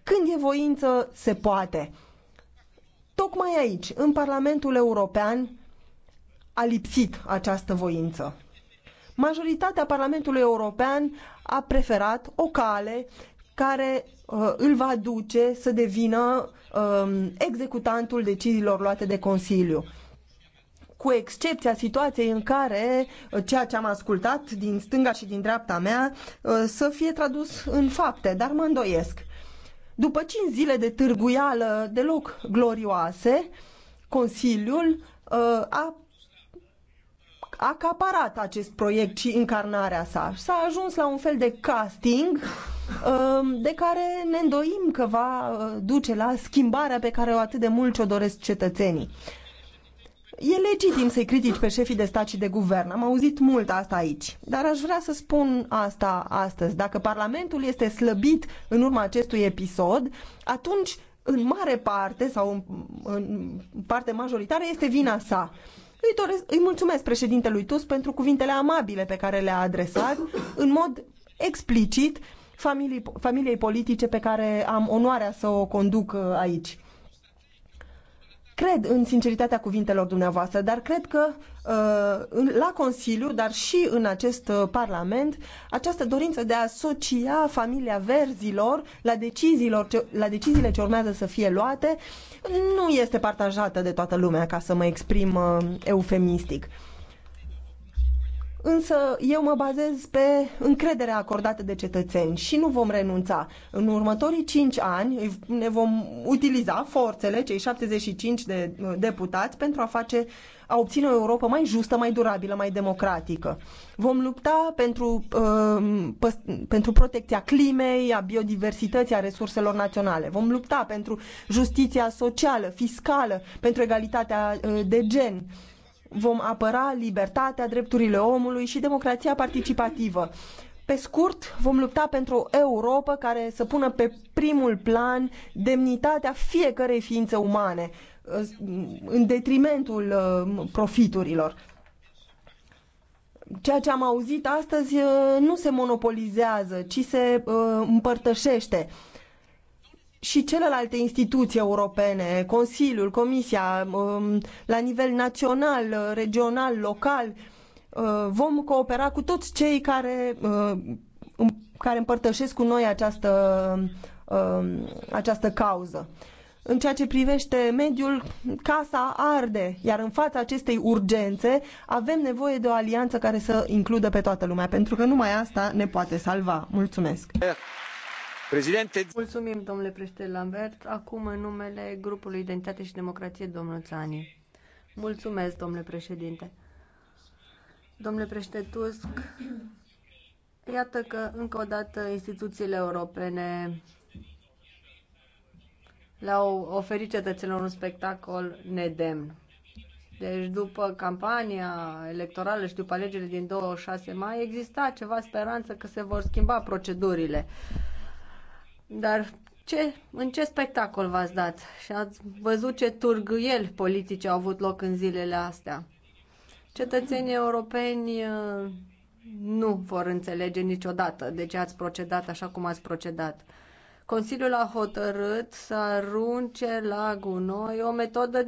când e voință, se poate. Tocmai aici, în Parlamentul European, a lipsit această voință. Majoritatea Parlamentului European a preferat o cale care uh, îl va duce să devină uh, executantul deciziilor luate de Consiliu cu excepția situației în care uh, ceea ce am ascultat din stânga și din dreapta mea uh, să fie tradus în fapte, dar mă îndoiesc. După cinci zile de târguială deloc glorioase, Consiliul uh, a acaparat acest proiect și încarnarea sa. S-a ajuns la un fel de casting um, de care ne îndoim că va uh, duce la schimbarea pe care o atât de mult ce-o doresc cetățenii. E legitim să-i critici pe șefii de stat și de guvern. Am auzit mult asta aici. Dar aș vrea să spun asta astăzi. Dacă Parlamentul este slăbit în urma acestui episod, atunci, în mare parte sau în parte majoritară, este vina sa. Îi, doresc, îi mulțumesc președintelui Tus pentru cuvintele amabile pe care le-a adresat în mod explicit familiei, familiei politice pe care am onoarea să o conduc uh, aici cred în sinceritatea cuvintelor dumneavoastră, dar cred că uh, la Consiliu, dar și în acest uh, Parlament, această dorință de a asocia familia verzilor la, deciziilor ce, la deciziile ce urmează să fie luate nu este partajată de toată lumea, ca să mă exprim uh, eufemistic însă eu mă bazez pe încrederea acordată de cetățeni și nu vom renunța. În următorii cinci ani ne vom utiliza forțele, cei 75 de uh, deputați, pentru a face a obține o Europa mai justă, mai durabilă, mai democratică. Vom lupta pentru, uh, pentru protecția climei, a biodiversității, a resurselor naționale. Vom lupta pentru justiția socială, fiscală, pentru egalitatea uh, de gen. Uh, vom apăra libertatea, drepturile omului și democrația participativă. Pe scurt, vom lupta pentru o Europa care să pună pe primul plan demnitatea fiecărei ființe umane, în detrimentul uh, profiturilor. Ceea ce am auzit astăzi uh, nu se monopolizează, ci se uh, împărtășește și celelalte instituții europene, Consiliul, Comisia, um, la nivel național, regional, local, uh, vom coopera cu toți cei care, uh, care împărtășesc cu noi această, um, această cauză. În ceea ce privește mediul, casa arde, iar în fața acestei urgențe avem nevoie de o alianță care să includă pe toată lumea, pentru că numai asta ne poate salva. Mulțumesc! Președinte. Mulțumim, domnule președinte Lambert. Acum, în numele grupului Identitate și Democrație, domnul Țani. Mulțumesc, domnule președinte. Domnule președinte Tusk, iată că, încă o dată, instituțiile europene le-au oferit cetățenilor un spectacol nedemn. Deci după campania electorală și după alegerile din 26 mai exista ceva speranță că se vor schimba procedurile. Uh, dar ce, în ce spectacol v-ați dat? Și ați văzut ce turgâieli politice au avut loc în zilele astea. Cetățenii europeni uh, nu vor înțelege niciodată de ce ați procedat așa cum ați procedat. Consiliul a hotărât să arunce la gunoi o metodă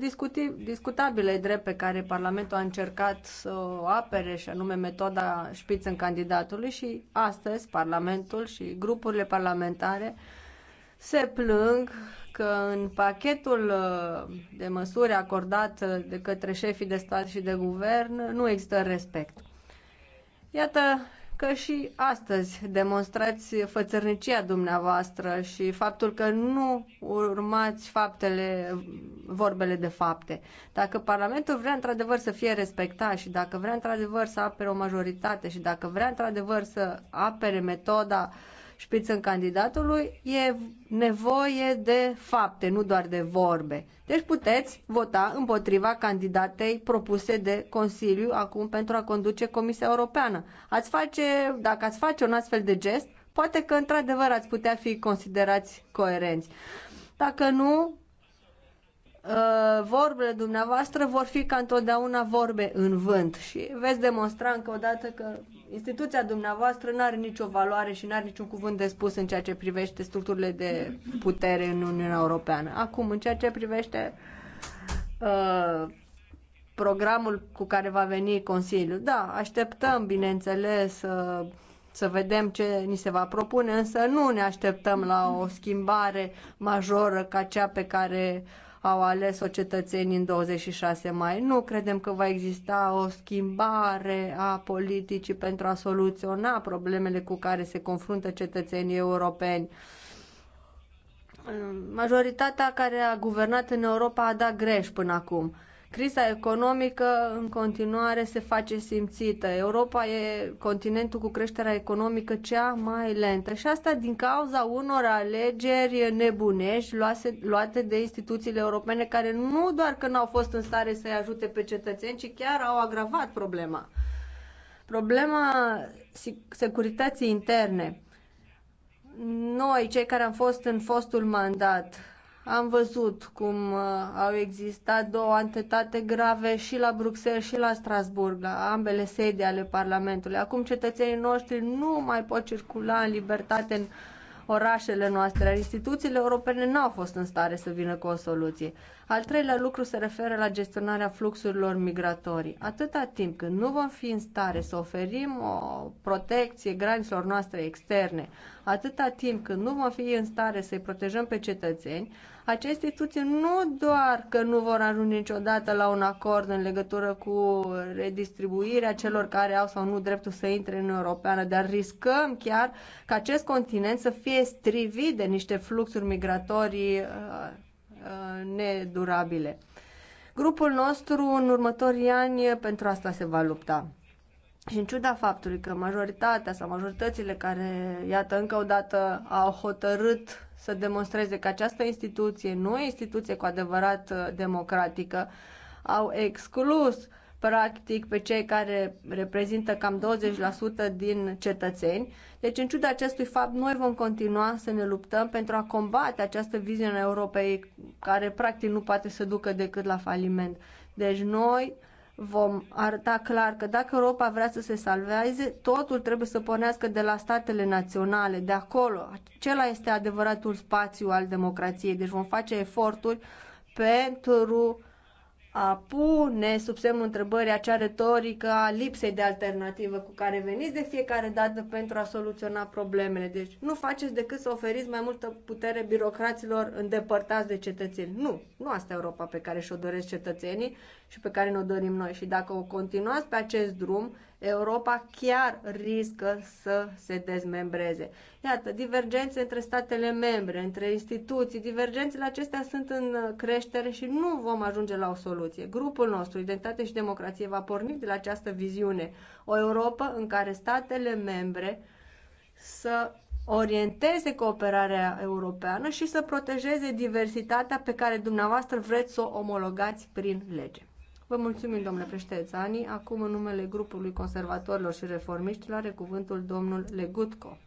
discutabilă, e drept, pe care Parlamentul a încercat să o apere, și anume metoda în candidatului și astăzi Parlamentul și grupurile parlamentare se plâng că în pachetul uh, de măsuri acordat uh, de către șefii de stat și de guvern nu există respect. Iată că și astăzi demonstrați fățărnicia dumneavoastră și faptul că nu urmați faptele, vorbele de fapte. Dacă Parlamentul vrea într-adevăr să fie respectat și dacă vrea într-adevăr să apere o majoritate și dacă vrea într-adevăr să apere metoda uh, spitzen candidatului, e nevoie de fapte, nu doar de vorbe. Deci puteți vota împotriva candidatei propuse de Consiliu acum pentru a conduce Comisia Europeană. Ați face, dacă ați face un astfel de gest, poate că într-adevăr ați putea fi considerați coerenți. Dacă nu, Uh, vorbele dumneavoastră vor fi ca întotdeauna vorbe în vânt și veți demonstra încă o dată că instituția dumneavoastră nu are nicio valoare și nu are niciun cuvânt de spus în ceea ce privește structurile de putere în Uniunea Europeană. Acum, în ceea ce privește uh, programul cu care va veni Consiliul, da, așteptăm, bineînțeles, uh, să vedem ce ni se va propune, însă nu ne așteptăm la o schimbare majoră ca cea pe care au ales-o cetățenii în 26 mai. Nu credem că va exista o schimbare a politicii pentru a soluționa problemele cu care se confruntă cetățenii europeni. Majoritatea care a guvernat în Europa a dat greș până acum. Criza economică în continuare se face simțită. Europa e continentul cu creșterea economică cea mai lentă și asta din cauza unor alegeri nebunești luase, luate de instituțiile europene care nu doar că n-au fost în stare să-i ajute pe cetățeni, ci chiar au agravat problema. Problema securității interne. Noi, cei care am fost în fostul mandat, am văzut cum uh, au existat două atentate grave și la Bruxelles și la Strasburg, la ambele sede ale Parlamentului. Acum cetățenii noștri nu mai pot circula în libertate în orașele noastre, instituțiile europene n-au fost în stare să vină cu o soluție. Al treilea lucru se referă la gestionarea fluxurilor migratorii. Atâta timp când nu vom fi în stare să oferim o protecție granițelor noastre externe, atâta timp când nu vom fi în stare să-i protejăm pe cetățeni, aceste instituții nu doar că nu vor ajunge niciodată la un acord în legătură cu redistribuirea celor care au sau nu dreptul să intre în Europeană, dar riscăm chiar ca acest continent să fie strivit de niște fluxuri migratorii uh, uh, nedurabile. Grupul nostru în următorii ani pentru asta se va lupta. Și în ciuda faptului că majoritatea sau majoritățile care, iată, încă o dată au hotărât să demonstreze că această instituție nu e instituție cu adevărat uh, democratică. Au exclus practic pe cei care reprezintă cam 20% din cetățeni. Deci, în ciuda acestui fapt, noi vom continua să ne luptăm pentru a combate această viziune a Europei care practic nu poate să ducă decât la faliment. Deci noi vom arăta clar că dacă Europa vrea să se salveze, totul trebuie să pornească de la statele naționale, de acolo. Acela este adevăratul spațiu al democrației. Deci vom face eforturi pentru a pune sub semnul întrebării acea retorică a lipsei de alternativă cu care veniți de fiecare dată pentru a soluționa problemele. Deci nu faceți decât să oferiți mai multă putere birocraților îndepărtați de cetățeni. Nu, nu asta e Europa pe care și-o doresc cetățenii și pe care ne-o dorim noi. Și dacă o continuați pe acest drum, Europa chiar riscă să se dezmembreze. Iată, divergențe între statele membre, între instituții, divergențele acestea sunt în creștere și nu vom ajunge la o soluție. Grupul nostru, Identitate și Democrație, va porni de la această viziune. O Europa în care statele membre să orienteze cooperarea europeană și să protejeze diversitatea pe care dumneavoastră vreți să o omologați prin lege. Vă mulțumim, domnule președinte Acum, în numele grupului conservatorilor și reformiștilor, are cuvântul domnul Legutko.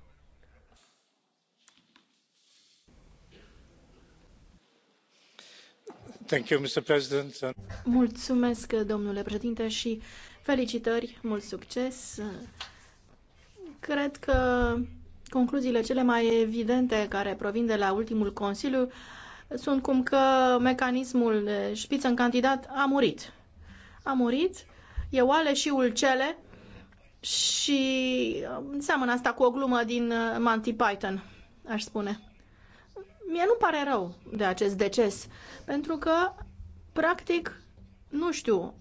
Thank you, Mr. President. Mulțumesc, domnule președinte, și felicitări, mult succes. Cred că concluziile cele mai evidente care provin de la ultimul Consiliu sunt cum că mecanismul șpiță în candidat a murit e oale și ulcele și uh, înseamnă asta cu o glumă din uh, Monty Python, aș spune. Mie nu pare rău de acest deces, pentru că, practic, nu știu,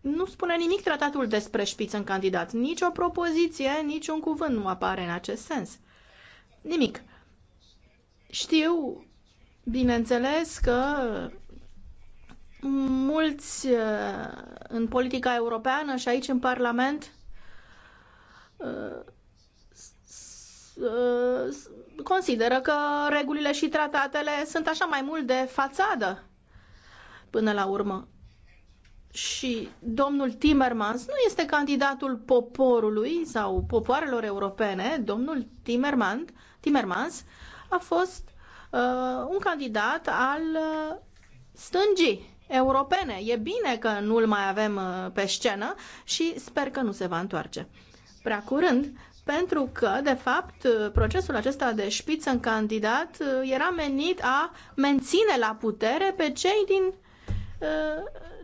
nu spune nimic tratatul despre șpiț în candidat. Nici o propoziție, nici un cuvânt nu apare în acest sens. Nimic. Știu, bineînțeles, că mulți uh, în politica europeană și aici în Parlament uh, uh, consideră că regulile și tratatele sunt așa mai mult de fațadă până la urmă. Și domnul Timmermans nu este candidatul poporului sau popoarelor europene. Domnul Timmermans, Timmermans a fost uh, un candidat al uh, stângii europene. E bine că nu-l mai avem uh, pe scenă și sper că nu se va întoarce prea curând, pentru că, de fapt, uh, procesul acesta de șpiță în candidat uh, era menit a menține la putere pe cei din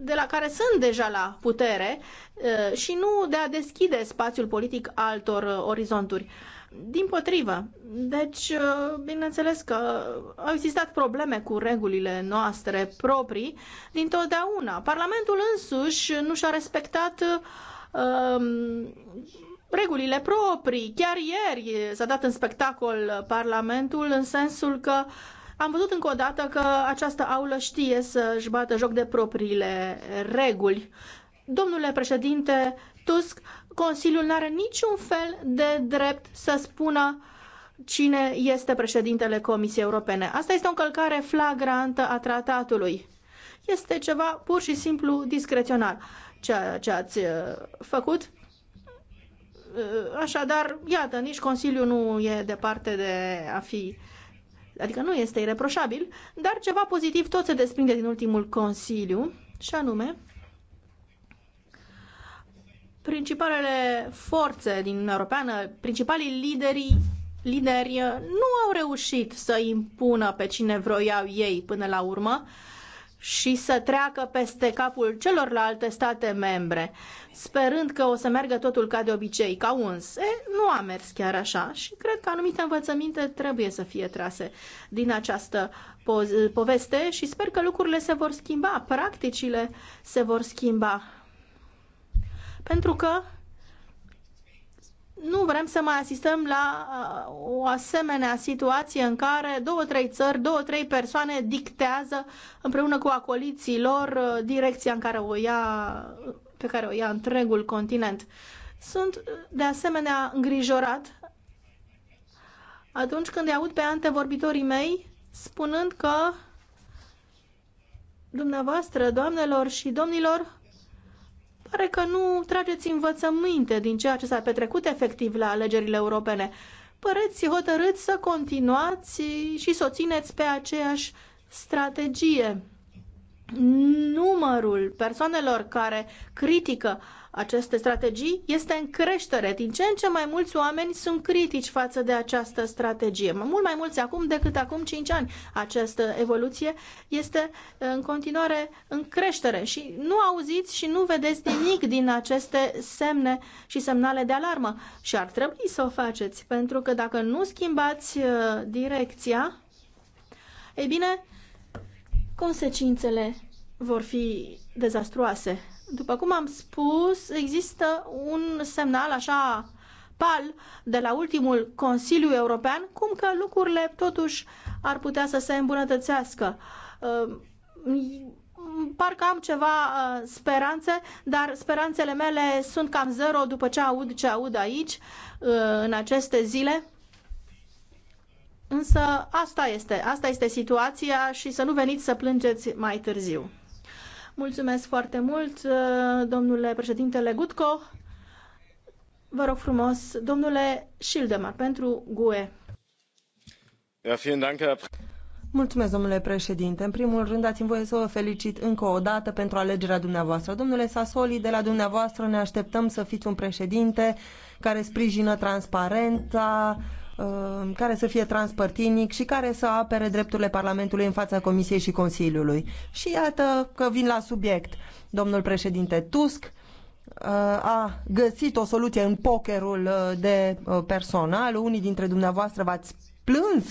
de la care sunt deja la putere și nu de a deschide spațiul politic altor orizonturi. Din potrivă, deci, uh, bineînțeles că au existat probleme cu regulile noastre proprii din totdeauna. Parlamentul însuși nu și-a respectat um, regulile proprii. Chiar ieri s-a dat în spectacol Parlamentul în sensul că am văzut încă o dată că această aulă știe să-și bată joc de propriile reguli. Domnule președinte Tusk, Consiliul nu are niciun fel de drept să spună cine este președintele Comisiei Europene. Asta este o încălcare flagrantă a tratatului. Este ceva pur și simplu discreționar ceea ce ați uh, făcut. Uh, așadar, iată, nici Consiliul nu e departe de a fi adică nu este ireproșabil, dar ceva pozitiv tot se desprinde din ultimul Consiliu, și anume principalele forțe din Europeană, principalii lideri, lideri uh, nu au reușit să impună pe cine vroiau ei până la urmă și să treacă peste capul celorlalte state membre, sperând că o să meargă totul ca de obicei, ca uns. E, nu a mers chiar așa și cred că anumite învățăminte trebuie să fie trase din această po- poveste și sper că lucrurile se vor schimba, practicile se vor schimba pentru că nu vrem să mai asistăm la uh, o asemenea situație în care două, trei țări, două, trei persoane dictează împreună cu acoliții lor uh, direcția în care o ia, pe care o ia întregul continent. Sunt uh, de asemenea îngrijorat atunci când îi aud pe antevorbitorii mei spunând că dumneavoastră, doamnelor și domnilor, pare că nu trageți învățăminte din ceea ce s-a petrecut efectiv la alegerile europene. Păreți hotărâți să continuați și să o țineți pe aceeași strategie. Numărul persoanelor care critică aceste strategii este în creștere. Din ce în ce mai mulți oameni sunt critici față de această strategie. Mult mai mulți acum decât acum 5 ani. Această evoluție este uh, în continuare în creștere și nu auziți și nu vedeți nimic din aceste semne și semnale de alarmă. Și ar trebui să o faceți, pentru că dacă nu schimbați uh, direcția, ei bine, consecințele vor fi dezastruoase. După cum am spus, există un semnal așa pal de la ultimul Consiliu European, cum că lucrurile totuși ar putea să se îmbunătățească. Ehm, parcă am ceva eh, speranțe, dar speranțele mele sunt cam zero după ce aud ce aud aici eh, în aceste zile. Însă asta este, asta este situația și să nu veniți să plângeți mai târziu. Mulțumesc foarte mult, uh, domnule președintele Gutko. Vă rog frumos, domnule Schildemar, pentru GUE. Ja, vielen Dank, Herr... Mulțumesc, domnule președinte. În primul rând, dați-mi voie să vă felicit încă o dată pentru alegerea dumneavoastră. Domnule Sasoli, de la dumneavoastră ne așteptăm să fiți un președinte care sprijină transparența, Uh, care să fie transpartinic și care să apere drepturile Parlamentului în fața Comisiei și Consiliului. Și iată că vin la subiect. Domnul președinte Tusk uh, a găsit o soluție în pokerul uh, de personal. Unii dintre dumneavoastră v-ați plâns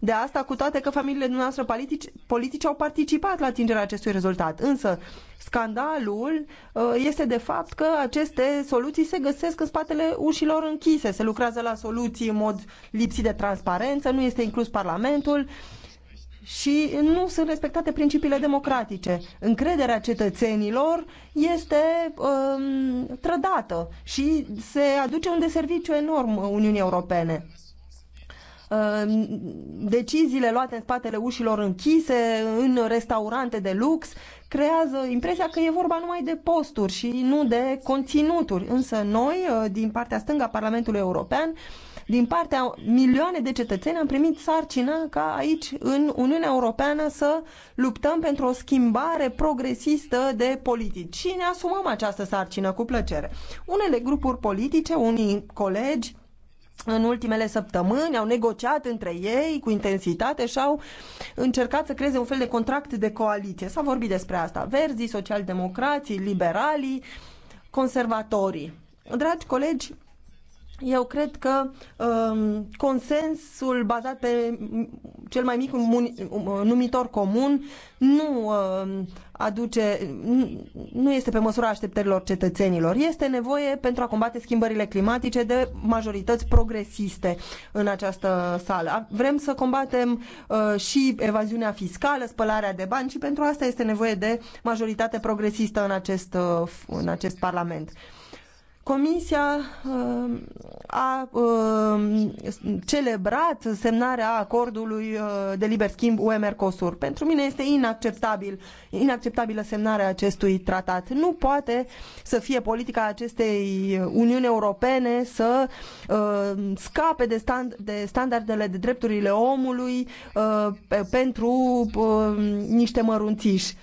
de asta, cu toate că familiile dumneavoastră politici, politici au participat la atingerea acestui rezultat. Însă, scandalul uh, este de fapt că aceste soluții se găsesc în spatele ușilor închise. Se lucrează la soluții în mod lipsit de transparență, nu este inclus Parlamentul și nu sunt respectate principiile democratice. Încrederea cetățenilor este um, trădată și se aduce un deserviciu enorm Uniunii Europene. Ehm, deciziile luate în spatele ușilor închise, în restaurante de lux, creează impresia că e vorba numai de posturi și nu de conținuturi. Însă noi, eh, din partea stângă a Parlamentului European, din partea milioane de cetățeni am primit sarcina ca aici în Uniunea Europeană să luptăm pentru o schimbare progresistă de politici și ne asumăm această sarcină cu plăcere. Unele grupuri politice, unii colegi, în ultimele săptămâni, au negociat între ei cu intensitate și au încercat să creeze un fel de contract de coaliție. S-a vorbit despre asta. Verzii, socialdemocrații, liberalii, conservatorii. Dragi colegi, eu cred că um, consensul bazat pe cel mai mic numitor comun nu uh, aduce, nu este pe măsura așteptărilor cetățenilor. Este nevoie pentru a combate schimbările climatice de majorități progresiste în această sală. Vrem să combatem uh, și evaziunea fiscală, spălarea de bani și pentru asta este nevoie de majoritate progresistă în acest, uh, în acest Parlament. Uh, Comisia uh, a uh, celebrat semnarea acordului uh, de liber schimb UE-Mercosur. Pentru mine este inacceptabil, inacceptabilă semnarea acestui tratat. Nu poate să fie politica acestei Uniuni Europene să scape de, stand, de standardele de drepturile omului pentru niște mărunțiși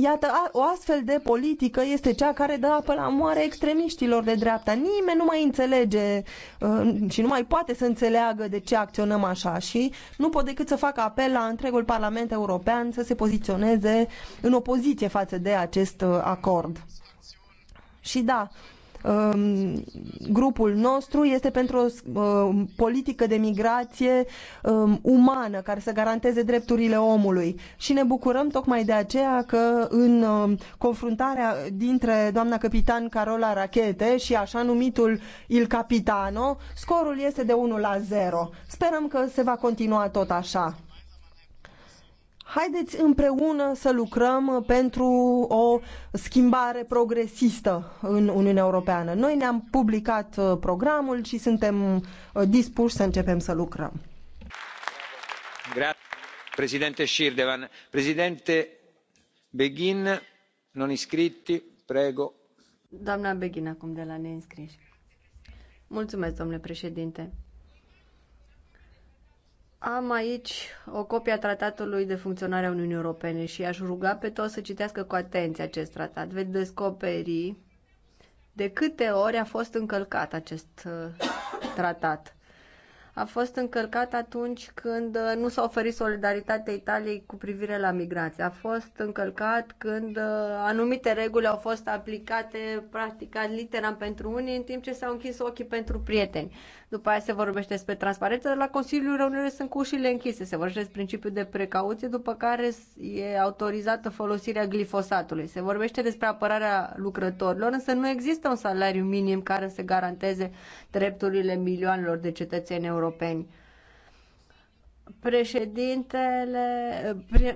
Iată, o astfel de politică este cea care dă apă la moare extremiștilor de dreapta. Nimeni nu mai înțelege uh, și nu mai poate să înțeleagă de ce acționăm așa și nu pot decât să fac apel la întregul Parlament European să se poziționeze în opoziție față de acest uh, acord. Și da, Um, grupul nostru este pentru o um, politică de migrație um, umană care să garanteze drepturile omului. Și ne bucurăm tocmai de aceea că în confruntarea dintre doamna capitan Carola Rachete și așa numitul Il Capitano, scorul este de 1 la 0. Sperăm că se va continua tot așa. Haideți împreună să lucrăm pentru o schimbare progresistă în Uniunea Europeană. Noi ne-am publicat uh, programul și suntem uh, dispuși să începem să lucrăm. Grazie, președinte Șirdevan. Președinte Begin, non iscritti, prego. Doamna Begin acum de la neinscriși. Mulțumesc, domnule președinte. Am aici o copie a Tratatului de Funcționare a Uniunii Europene și aș ruga pe toți să citească cu atenție acest tratat. Veți descoperi de câte ori a fost încălcat acest uh, tratat a fost încălcat atunci când uh, nu s-a oferit solidaritatea Italiei cu privire la migrație. A fost încălcat când uh, anumite reguli au fost aplicate practic literam pentru unii, în timp ce s-au închis ochii pentru prieteni. După aia se vorbește despre transparență, dar la Consiliul reuniunile sunt cu ușile închise. Se vorbește despre principiul de precauție, după care e autorizată folosirea glifosatului. Se vorbește despre apărarea lucrătorilor, însă nu există un salariu minim care să garanteze drepturile milioanelor de cetățeni europeni europeni președintele,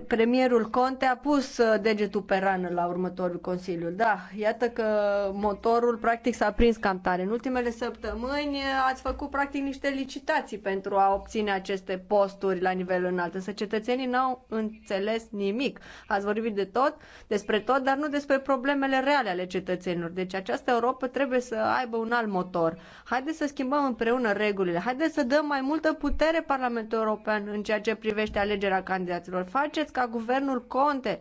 premierul Conte a pus uh, degetul pe rană la următorul Consiliu. Da, iată că motorul practic s-a prins cam tare. În ultimele săptămâni uh, ați făcut practic niște licitații pentru a obține aceste posturi la nivel înalt, însă cetățenii n-au înțeles nimic. Ați vorbit de tot, despre tot, dar nu despre problemele reale ale cetățenilor. Deci această Europa trebuie să aibă un alt motor. Haideți să schimbăm împreună regulile, haideți să dăm mai multă putere Parlamentului European an în ceea ce privește alegerea candidaților. Faceți ca guvernul Conte.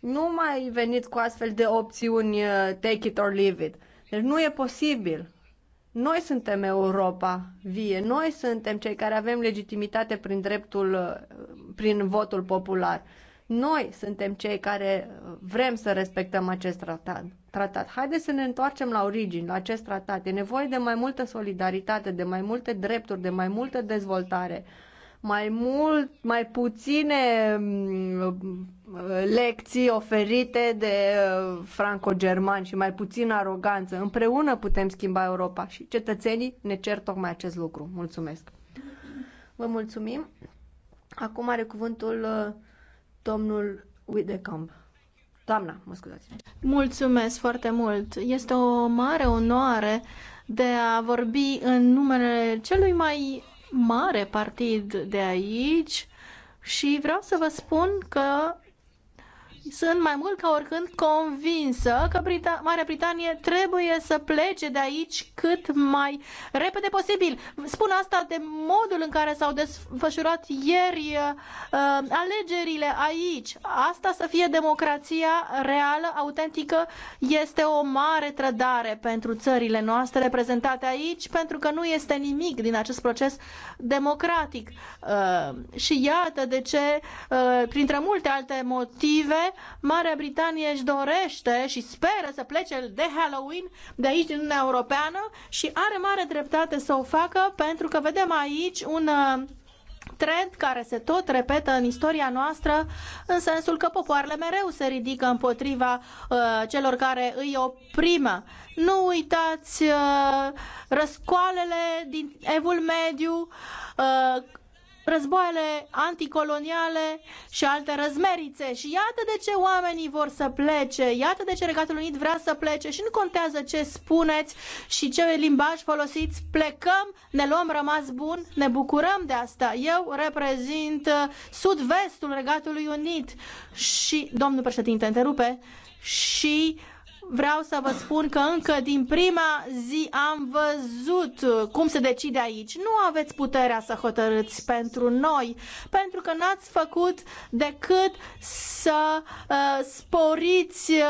Nu mai veniți cu astfel de opțiuni uh, take it or leave it. Deci nu e posibil. Noi suntem Europa vie, noi suntem cei care avem legitimitate prin dreptul, uh, prin votul popular. Noi suntem cei care uh, vrem să respectăm acest tratat. tratat. Haideți să ne întoarcem la origini, la acest tratat. E nevoie de mai multă solidaritate, de mai multe drepturi, de mai multă dezvoltare mai mult, mai puține mm, lecții oferite de uh, franco-germani și mai puțină aroganță. Împreună putem schimba Europa și cetățenii ne cer tocmai acest lucru. Mulțumesc! Vă mulțumim! Acum are cuvântul uh, domnul Widecamp. Doamna, mă scuzați. Mulțumesc foarte mult. Este o mare onoare de a vorbi în numele celui mai mare partid de aici și vreau să vă spun că sunt mai mult ca oricând convinsă că Brita- Marea Britanie trebuie să plece de aici cât mai repede posibil. Spun asta de modul în care s-au desfășurat ieri uh, alegerile aici. Asta să fie democrația reală, autentică, este o mare trădare pentru țările noastre reprezentate aici, pentru că nu este nimic din acest proces democratic. Uh, și iată de ce, uh, printre multe alte motive, Marea Britanie își dorește și speră să plece de Halloween de aici din Uniunea Europeană și are mare dreptate să o facă pentru că vedem aici un uh, trend care se tot repetă în istoria noastră, în sensul că popoarele mereu se ridică împotriva uh, celor care îi oprimă. Nu uitați uh, răscoalele din Evul Mediu, uh, războaiele anticoloniale și alte răzmerițe. Și iată de ce oamenii vor să plece, iată de ce Regatul Unit vrea să plece și nu contează ce spuneți și ce limbaj folosiți, plecăm, ne luăm rămas bun, ne bucurăm de asta. Eu reprezint uh, sud-vestul Regatului Unit și, domnul președinte, întrerupe, și uh, vreau să vă spun că încă din prima zi am văzut cum se decide aici. Nu aveți puterea să hotărâți pentru noi, pentru că n-ați făcut decât să uh, sporiți uh,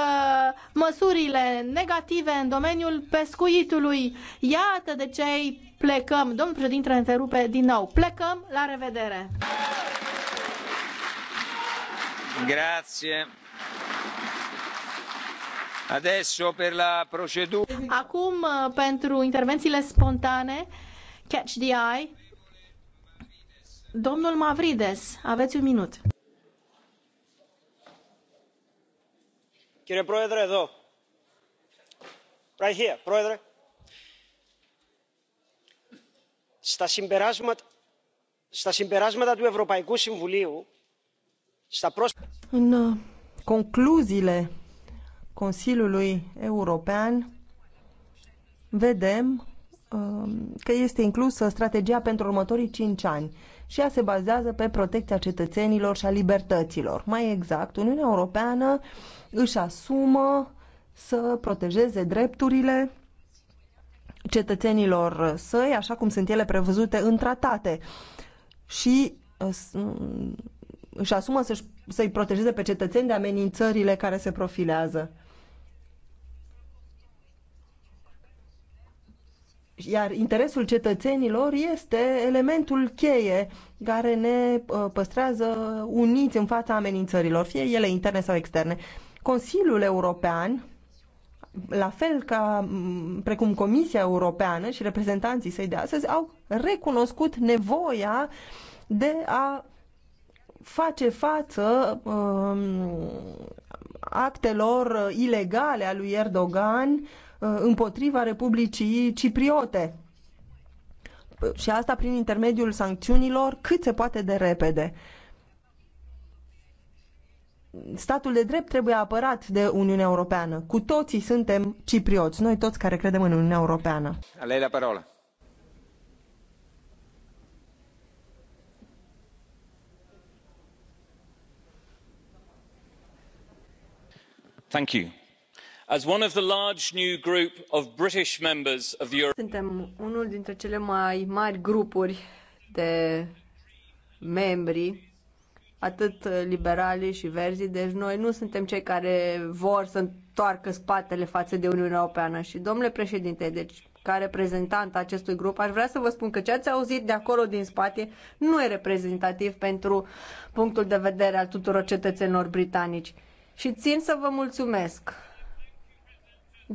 măsurile negative în domeniul pescuitului. Iată de ce plecăm. Domnul președinte, întrerupe din nou. Plecăm, la revedere! Grazie. Adesso per la procedura. Acum uh, pentru intervențiile spontane, catch the eye. Domnul Mavrides, aveți un minut. Κύριε Πρόεδρε, do? Right here, Πρόεδρε. Στα συμπεράσματα, στα συμπεράσματα του Ευρωπαϊκού Συμβουλίου, στα πρόσφατα... În uh, concluziile Consiliului European vedem um, că este inclusă strategia pentru următorii 5 ani și ea se bazează pe protecția cetățenilor și a libertăților. Mai exact, Uniunea Europeană își asumă să protejeze drepturile cetățenilor săi, așa cum sunt ele prevăzute în tratate. Și uh, um, își asumă să-i protejeze pe cetățeni de amenințările care se profilează. Iar interesul cetățenilor este elementul cheie care ne uh, păstrează uniți în fața amenințărilor, fie ele interne sau externe. Consiliul European, la fel ca precum Comisia Europeană și reprezentanții săi de astăzi, au recunoscut nevoia de a face față um, actelor ilegale a lui Erdogan Uh, împotriva Republicii Cipriote. Și asta prin intermediul sancțiunilor cât se poate de repede. Statul de drept trebuie apărat de Uniunea Europeană. Cu toții suntem ciprioți, noi toți care credem în Uniunea Europeană. Alei la parola. Thank you suntem unul dintre cele mai mari grupuri de membri atât liberalii și verzii, deci noi nu suntem cei care vor să întoarcă spatele față de Uniunea Europeană. Și domnule președinte, deci ca reprezentant acestui grup, aș vrea să vă spun că ce ați auzit de acolo din spate nu e reprezentativ pentru punctul de vedere al tuturor cetățenilor britanici. Și țin să vă mulțumesc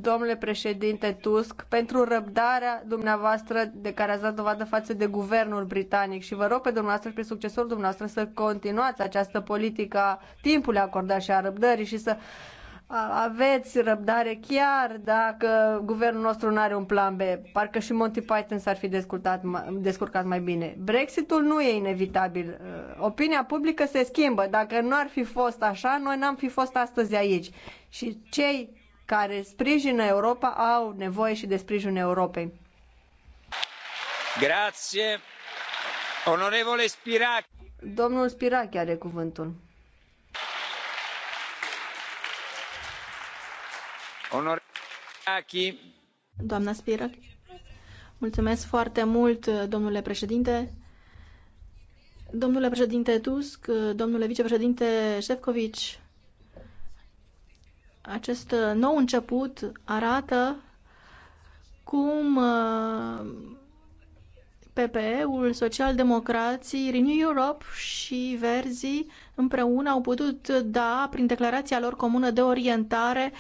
domnule președinte Tusk, pentru răbdarea dumneavoastră de care ați dat dovadă față de guvernul britanic și vă rog pe dumneavoastră și pe succesorul dumneavoastră să continuați această politică a timpului acordat și a răbdării și să aveți răbdare chiar dacă guvernul nostru nu are un plan B. Parcă și Monty Python s-ar fi descurcat, descurcat mai bine. Brexitul nu e inevitabil. Uh, opinia publică se schimbă. Dacă nu ar fi fost așa, noi n-am fi fost astăzi aici. Și cei care sprijină Europa au nevoie și de sprijinul Europei. Grazie. Domnul Spirachi are cuvântul. Onorevole Spirachi. Doamna Spirac. Mulțumesc foarte mult, domnule președinte. Domnule președinte Tusk, domnule vicepreședinte Șefcovici, acest uh, nou început arată cum uh, PPE-ul, Social Social-Democrații, Renew Europe și Verzii împreună au putut da, prin declarația lor comună de orientare,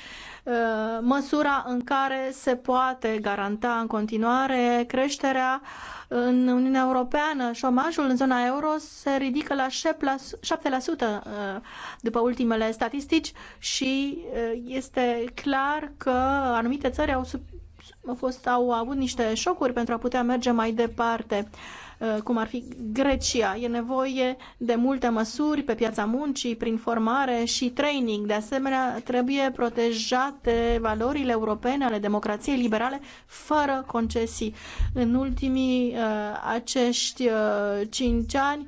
uh, măsura în care se poate garanta în continuare creșterea în Uniunea Europeană. Șomajul în zona euro se ridică la 7% uh, după ultimele statistici și uh, este clar că anumite țări au au, fost, au avut niște șocuri pentru a putea merge mai departe, uh, cum ar fi Grecia. E nevoie de multe măsuri pe piața muncii, prin formare și training. De asemenea, trebuie protejate valorile europene ale democrației liberale fără concesii. În ultimii uh, acești uh, cinci ani,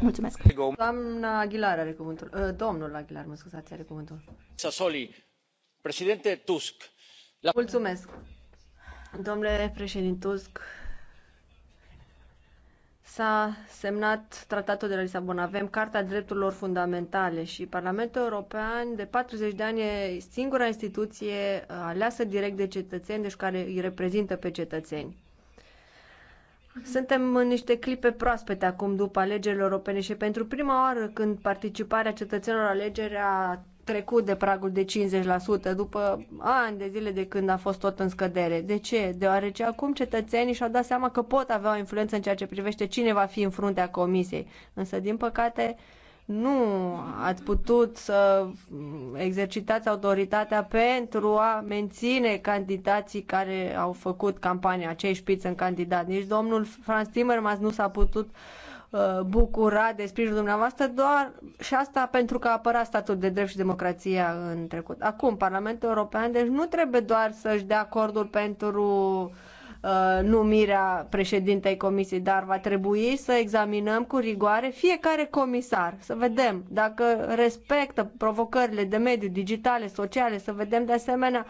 Mulțumesc. Doamna Aguilar are cuvântul. Ă, domnul Aguilar, mă scuzați, are cuvântul. Sassoli, președinte Tusk. La... Mulțumesc. Domnule președinte Tusk, s-a semnat tratatul de la Lisabona. Avem Carta Drepturilor Fundamentale și Parlamentul European de 40 de ani e singura instituție aleasă direct de cetățeni, deci care îi reprezintă pe cetățeni. Suntem în niște clipe proaspete acum după alegerile europene și pentru prima oară când participarea cetățenilor alegeri a trecut de pragul de 50% după ani de zile de când a fost tot în scădere. De ce? Deoarece acum cetățenii și-au dat seama că pot avea o influență în ceea ce privește cine va fi în fruntea comisiei. Însă, din păcate, nu ați putut să exercitați autoritatea pentru a menține candidații care au făcut campania, acei șpiți în candidat. Nici domnul Franz Timmermans nu s-a putut uh, bucura de sprijinul dumneavoastră doar și asta pentru că a apărat statul de drept și democrația în trecut. Acum, Parlamentul European, deci nu trebuie doar să-și dea acordul pentru uh, Uh, numirea președintei comisiei, dar va trebui să examinăm cu rigoare fiecare comisar, să vedem dacă respectă provocările de mediu, digitale, sociale, să vedem de asemenea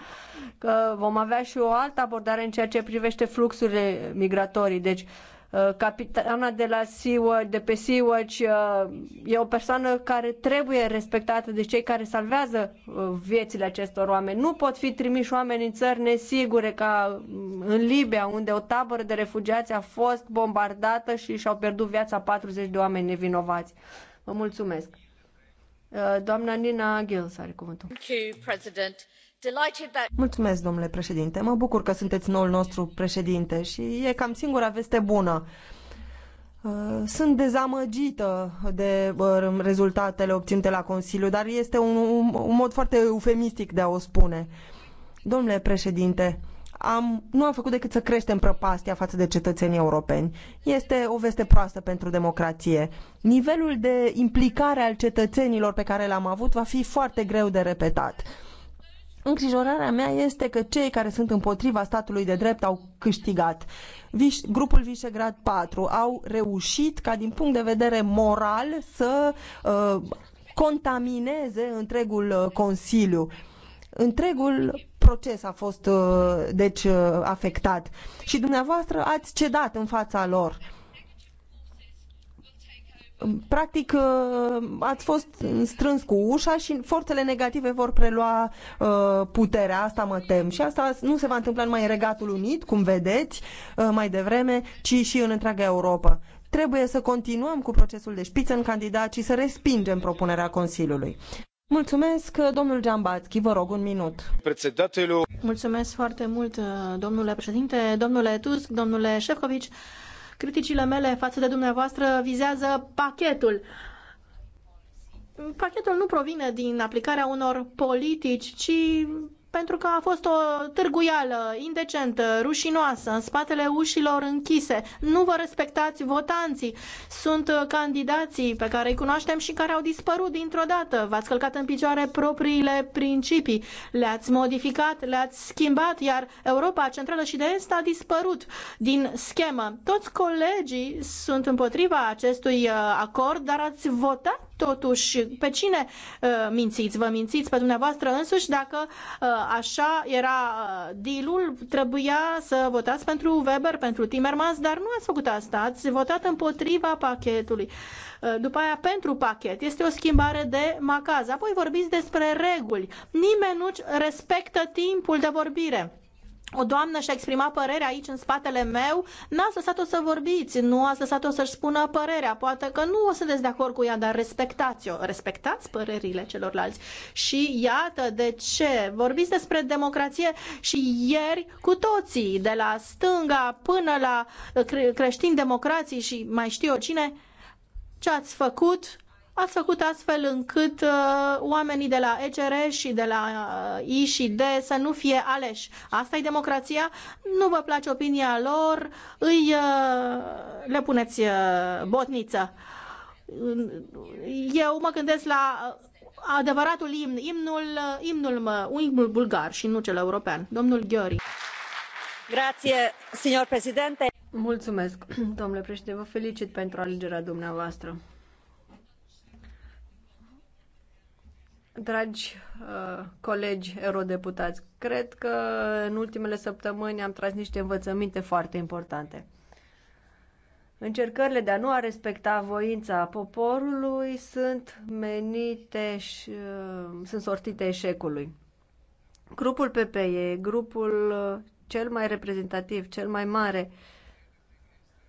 că vom avea și o altă abordare în ceea ce privește fluxurile migratorii. Deci Uh, capitana de la Sea de pe Sea-Watch, uh, e o persoană care trebuie respectată de cei care salvează uh, viețile acestor oameni. Nu pot fi trimiși oameni în țări nesigure ca mm, în Libia, unde o tabără de refugiați a fost bombardată și și-au pierdut viața 40 de oameni nevinovați. Vă mulțumesc. Doamna Nina Gil, are cuvântul. Thank you, President. Mulțumesc, domnule președinte. Mă bucur că sunteți noul nostru președinte și e cam singura veste bună. Uh, sunt dezamăgită de uh, rezultatele obținute la Consiliu, dar este un, un mod foarte eufemistic de a o spune. Domnule președinte, am, nu am făcut decât să creștem prăpastia față de cetățenii europeni. Este o veste proastă pentru democrație. Nivelul de implicare al cetățenilor pe care l-am avut va fi foarte greu de repetat Îngrijorarea mea este că cei care sunt împotriva statului de drept au câștigat. Grupul Visegrad 4 au reușit ca din punct de vedere moral să uh, contamineze întregul uh, Consiliu. Întregul proces a fost uh, deci uh, afectat și dumneavoastră ați cedat în fața lor practic uh, ați fost strâns cu ușa și forțele negative vor prelua uh, puterea, asta mă tem. Și asta nu se va întâmpla numai în Regatul Unit, cum vedeți uh, mai devreme, ci și în întreaga Europa. Trebuie să continuăm cu procesul de șpiță în candidat și să respingem propunerea Consiliului. Mulțumesc, domnul Giambatski, vă rog un minut. Mulțumesc foarte mult, domnule președinte, domnule Tusk, domnule Șefcovici. Criticile mele față de dumneavoastră vizează pachetul. Pachetul nu provine din aplicarea unor politici, ci pentru că a fost o târguială indecentă, rușinoasă, în spatele ușilor închise. Nu vă respectați votanții. Sunt candidații pe care îi cunoaștem și care au dispărut dintr-o dată. V-ați călcat în picioare propriile principii, le-ați modificat, le-ați schimbat, iar Europa Centrală și de Est a dispărut din schemă. Toți colegii sunt împotriva acestui uh, acord, dar ați votat Totuși, pe cine uh, mințiți? Vă mințiți pe dumneavoastră însuși? Dacă uh, așa era uh, dealul, trebuia să votați pentru Weber, pentru Timmermans, dar nu ați făcut asta. Ați votat împotriva pachetului. Uh, după aia, pentru pachet. Este o schimbare de macaz. Apoi vorbiți despre reguli. Nimeni nu respectă timpul de vorbire o doamnă și-a exprimat părerea aici în spatele meu, n-ați lăsat-o să vorbiți, nu ați lăsat-o să-și spună părerea. Poate că nu o sunteți de acord cu ea, dar respectați-o, respectați părerile celorlalți. Și iată de ce. Vorbiți despre democrație și ieri cu toții, de la stânga până la creștini democrații și mai știu eu cine, ce ați făcut ați făcut astfel încât uh, oamenii de la ECR și de la uh, I și D să nu fie aleși. Asta e democrația? Nu vă place opinia lor, îi uh, le puneți uh, botniță. Uh, eu mă gândesc la uh, adevăratul imn, imnul, uh, imnul, mă, imnul bulgar și nu cel european. Domnul Gheori. Grație, signor președinte. Mulțumesc, domnule președinte. Vă felicit pentru alegerea dumneavoastră. Dragi uh, colegi eurodeputați, cred că în ultimele săptămâni am tras niște învățăminte foarte importante. Încercările de a nu a respecta voința poporului sunt menite și uh, sunt sortite eșecului. Grupul PPE, grupul uh, cel mai reprezentativ, cel mai mare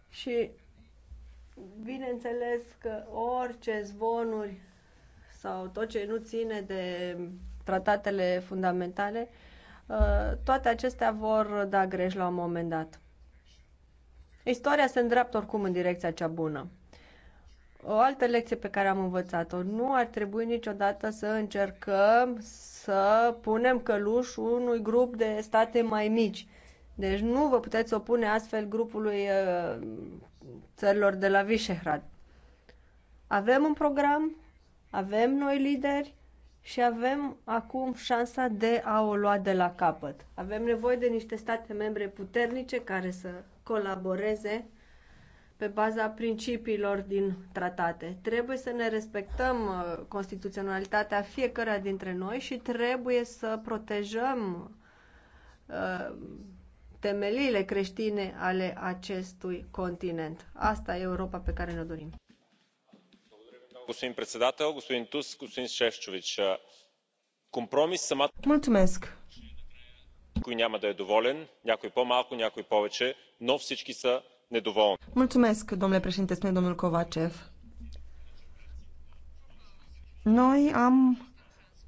și bineînțeles că orice zvonuri sau tot ce nu ține de tratatele fundamentale, uh, toate acestea vor da greș la un moment dat. Istoria se îndreaptă oricum în direcția cea bună. O altă lecție pe care am învățat-o, nu ar trebui niciodată să încercăm să punem căluș unui grup de state mai mici. Deci nu vă puteți opune astfel grupului uh, țărilor de la Visehrad. Avem un program, avem noi lideri și avem acum șansa de a o lua de la capăt. Avem nevoie de niște state membre puternice care să colaboreze pe baza principiilor din tratate. Trebuie să ne respectăm uh, constituționalitatea fiecăruia dintre noi și trebuie să protejăm uh, temeliile creștine ale acestui continent. Asta e Europa pe care ne-o dorim господин председател господин туск господин шефчович компромис самата никой няма да е доволен някой по малко някой повече но всички са недоволни. Mulțumesc, domnule președinte, spune domnul Kovacev. Noi am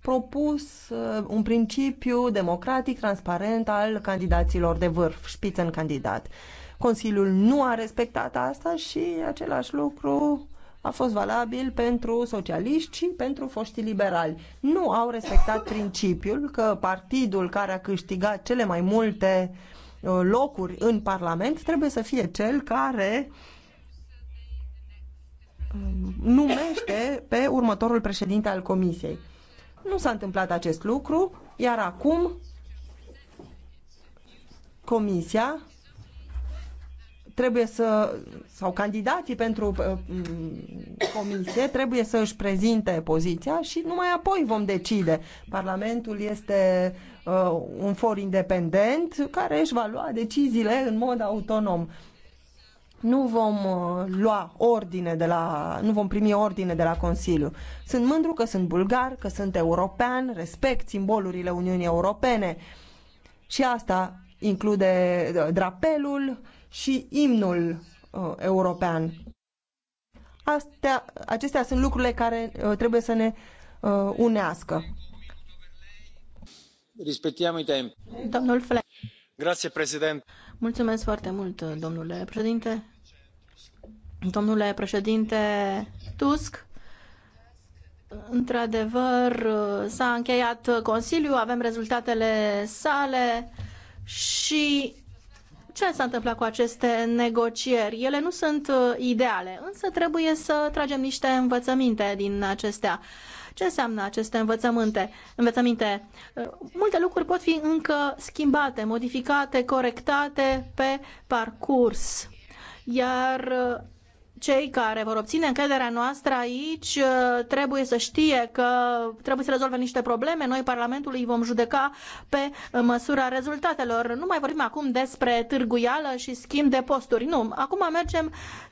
propus un principiu democratic, transparent al candidaților de vârf, spitzen candidat. Consiliul nu a respectat asta și același lucru a fost valabil pentru socialiști și pentru foștii liberali. Nu au respectat principiul că partidul care a câștigat cele mai multe uh, locuri în Parlament trebuie să fie cel care um, numește pe următorul președinte al Comisiei. Nu s-a întâmplat acest lucru, iar acum Comisia trebuie să, sau candidații pentru uh, mm, comisie trebuie să își prezinte poziția și numai apoi vom decide. Parlamentul este uh, un for independent care își va lua deciziile în mod autonom. Nu vom uh, lua ordine de la, nu vom primi ordine de la Consiliu. Sunt mândru că sunt bulgar, că sunt european, respect simbolurile Uniunii Europene. Și asta include uh, drapelul, și imnul uh, european. Astea, acestea sunt lucrurile care uh, trebuie să ne uh, unească. Domnul Fle. Grazie, președinte. Mulțumesc foarte mult, domnule președinte. Domnule președinte Tusk, Într-adevăr, s-a încheiat Consiliul, avem rezultatele sale și ce s-a întâmplat cu aceste negocieri? Ele nu sunt uh, ideale, însă trebuie să tragem niște învățăminte din acestea. Ce înseamnă aceste învățăminte? învățăminte? Uh, multe lucruri pot fi încă schimbate, modificate, corectate pe parcurs. Iar uh, cei care vor obține încrederea noastră aici uh, trebuie să știe că trebuie să rezolve niște probleme. Noi, Parlamentul, îi vom judeca pe măsura rezultatelor. Nu mai vorbim acum despre târguială și schimb de posturi. Nu. Acum mergem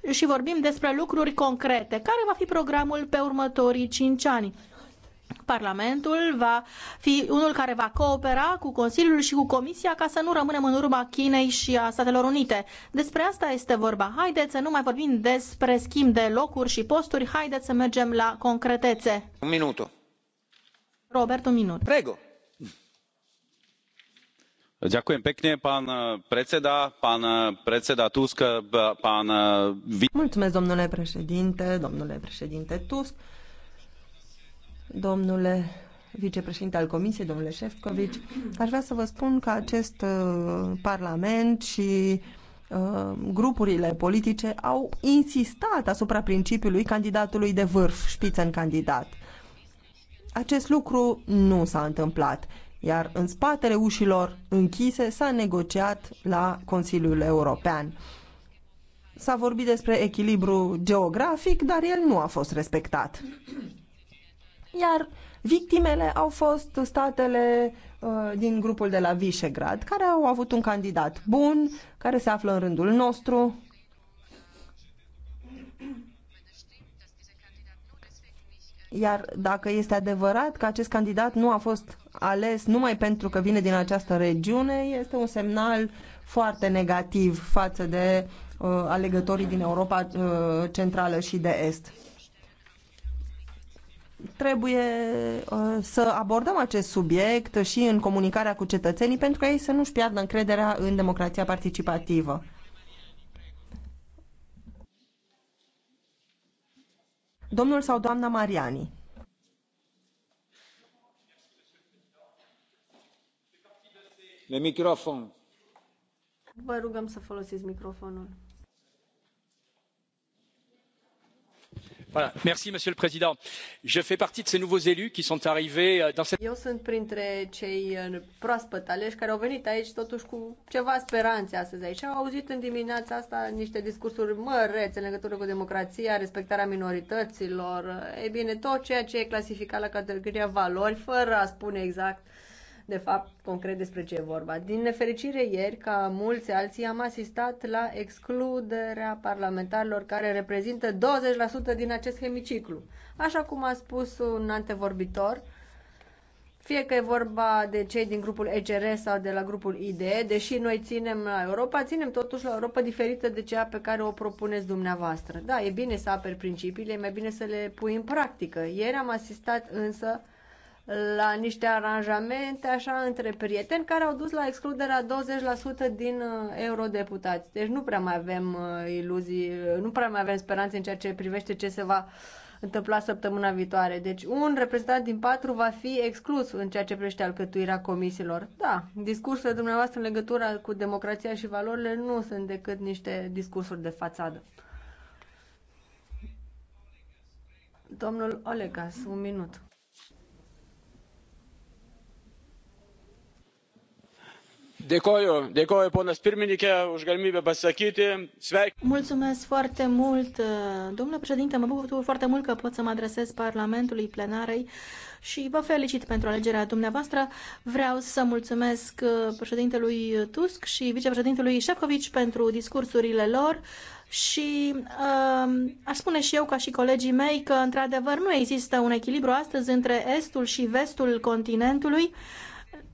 și vorbim despre lucruri concrete. Care va fi programul pe următorii cinci ani? Parlamentul va fi unul care va coopera cu Consiliul și cu Comisia ca să nu rămânem în urma Chinei și a Statelor Unite. Despre asta este vorba. Haideți să nu mai vorbim despre schimb de locuri și posturi, haideți să mergem la concretețe. Un minut. Robert, un minut. Prego. Ďakujem pekne, pán predseda, pán predseda Tusk, pán... Mulțumesc, domnule președinte, domnule președinte Tusk domnule vicepreședinte al Comisiei, domnule Șefcovici, aș vrea să vă spun că acest uh, Parlament și uh, grupurile politice au insistat asupra principiului candidatului de vârf, în candidat. Acest lucru nu s-a întâmplat, iar în spatele ușilor închise s-a negociat la Consiliul European. S-a vorbit despre echilibru geografic, dar el nu a fost respectat iar victimele au fost statele uh, din grupul de la Visegrad, care au avut un candidat bun, care se află în rândul nostru. Iar dacă este adevărat că acest candidat nu a fost ales numai pentru că vine din această regiune, este un semnal foarte negativ față de uh, alegătorii din Europa uh, Centrală și de Est trebuie uh, să abordăm acest subiect și în comunicarea cu cetățenii pentru că ei să nu-și piardă încrederea în democrația participativă. Domnul sau doamna Mariani. Le microfon. Vă rugăm să folosiți microfonul. domnule președinte euh, eu sunt printre cei proaspăt aleși care au venit aici totuși cu ceva speranțe astăzi aici. Au auzit în dimineața asta niște discursuri mărețe în legătură cu democrația, respectarea minorităților, e bine, tot ceea ce e clasificat la categoria valori, fără a spune exact uh, de fapt concret despre ce e vorba. Din nefericire, ieri, ca mulți alții, am asistat la excluderea parlamentarilor care reprezintă 20% din acest hemiciclu. Așa cum a spus un antevorbitor, fie că e vorba de cei din grupul ECR sau de la grupul IDE, deși noi ținem la Europa, ținem totuși la Europa diferită de cea pe care o propuneți dumneavoastră. Da, e bine să aperi principiile, e mai bine să le pui în practică. Ieri am asistat însă la niște aranjamente așa între prieteni care au dus la excluderea 20% din uh, eurodeputați. Deci nu prea mai avem uh, iluzii, uh, nu prea mai avem speranțe în ceea ce privește ce se va întâmpla săptămâna viitoare. Deci un reprezentant din patru va fi exclus în ceea ce privește alcătuirea comisiilor. Da, discursurile dumneavoastră în legătură cu democrația și valorile nu sunt decât niște discursuri de fațadă. Domnul Olegas, un minut. Mulțumesc foarte mult, domnule președinte. Mă bucur foarte mult că pot să mă adresez Parlamentului, plenarei și vă felicit pentru alegerea dumneavoastră. Vreau să mulțumesc uh, președintelui Tusk și vicepreședintelui Șefcovici pentru discursurile lor și uh, aș spune și eu ca și colegii mei că într-adevăr nu există un echilibru astăzi între estul și vestul continentului. Uh,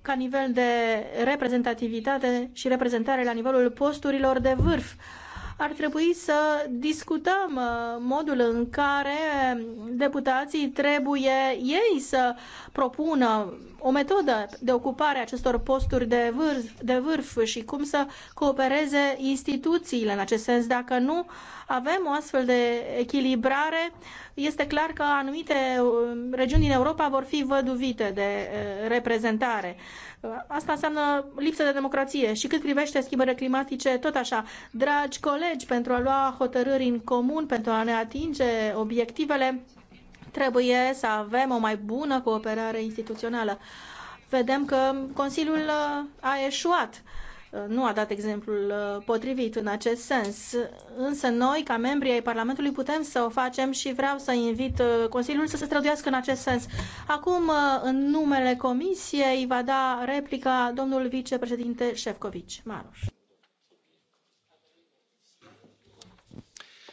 ca nivel de reprezentativitate și reprezentare la nivelul posturilor de vârf ar trebui să discutăm uh, modul în care deputații trebuie ei să propună o metodă de ocupare a acestor posturi de vârf, de vârf și cum să coopereze instituțiile în acest sens. Dacă nu avem o astfel de echilibrare, este clar că anumite uh, regiuni din Europa vor fi văduvite de uh, reprezentare. Asta înseamnă lipsă de democrație. Și cât privește schimbările climatice, tot așa. Dragi colegi, pentru a lua hotărâri în comun, pentru a ne atinge obiectivele, trebuie să avem o mai bună cooperare instituțională. Vedem că Consiliul uh, a eșuat Uh, nu a dat exemplul uh, potrivit în acest sens. Însă noi, ca membri ai Parlamentului, putem să o facem și vreau să invit uh, Consiliul să se străduiască în acest sens. Acum, în numele Comisiei, va da replica domnul vicepreședinte Șefcovici. Maroș.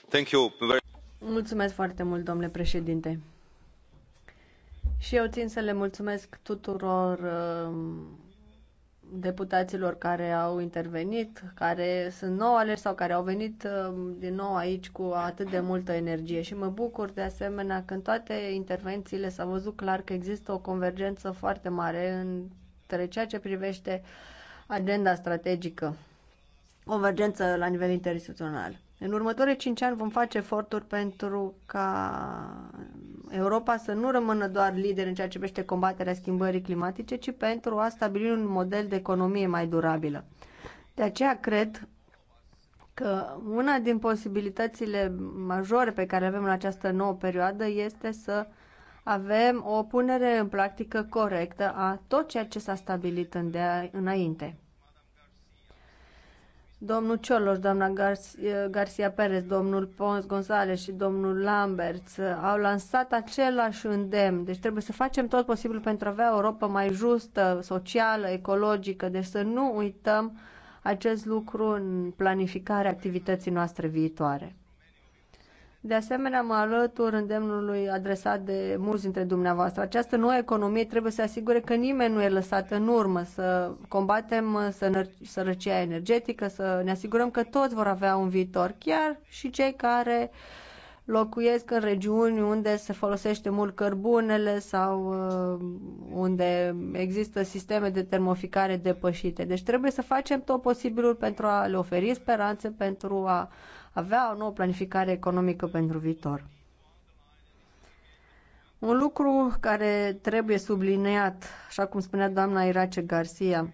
Thank you. Mulțumesc foarte mult, domnule președinte. Și eu țin să le mulțumesc tuturor uh, deputaților care au intervenit, care sunt nou aleși sau care au venit um, din nou aici cu atât de multă energie și mă bucur de asemenea că în toate intervențiile s-a văzut clar că există o convergență foarte mare între ceea ce privește agenda strategică, convergență la nivel interinstituțional. În următoarele cinci ani vom face eforturi pentru ca Europa să nu rămână doar lider în ceea ce privește combaterea schimbării climatice, ci pentru a stabili un model de economie mai durabilă. De aceea cred că una din posibilitățile majore pe care le avem în această nouă perioadă este să avem o punere în practică corectă a tot ceea ce s-a stabilit înainte domnul Cioloș, doamna Gar- eh, Garcia Perez, domnul Pons Gonzalez și domnul Lamberts eh, au lansat același îndemn. Deci trebuie să facem tot posibil pentru a avea o Europa mai justă, socială, ecologică. Deci să nu uităm acest lucru în planificarea activității noastre viitoare. De asemenea, mă alătur îndemnului adresat de mulți dintre dumneavoastră. Această nouă economie trebuie să asigure că nimeni nu e lăsat în urmă, să combatem sărăcia energetică, să ne asigurăm că toți vor avea un viitor, chiar și cei care locuiesc în regiuni unde se folosește mult cărbunele sau uh, unde există sisteme de termoficare depășite. Deci trebuie să facem tot posibilul pentru a le oferi speranțe, pentru a avea o nouă planificare economică pentru viitor. Un lucru care trebuie subliniat, așa cum spunea doamna Irace Garcia,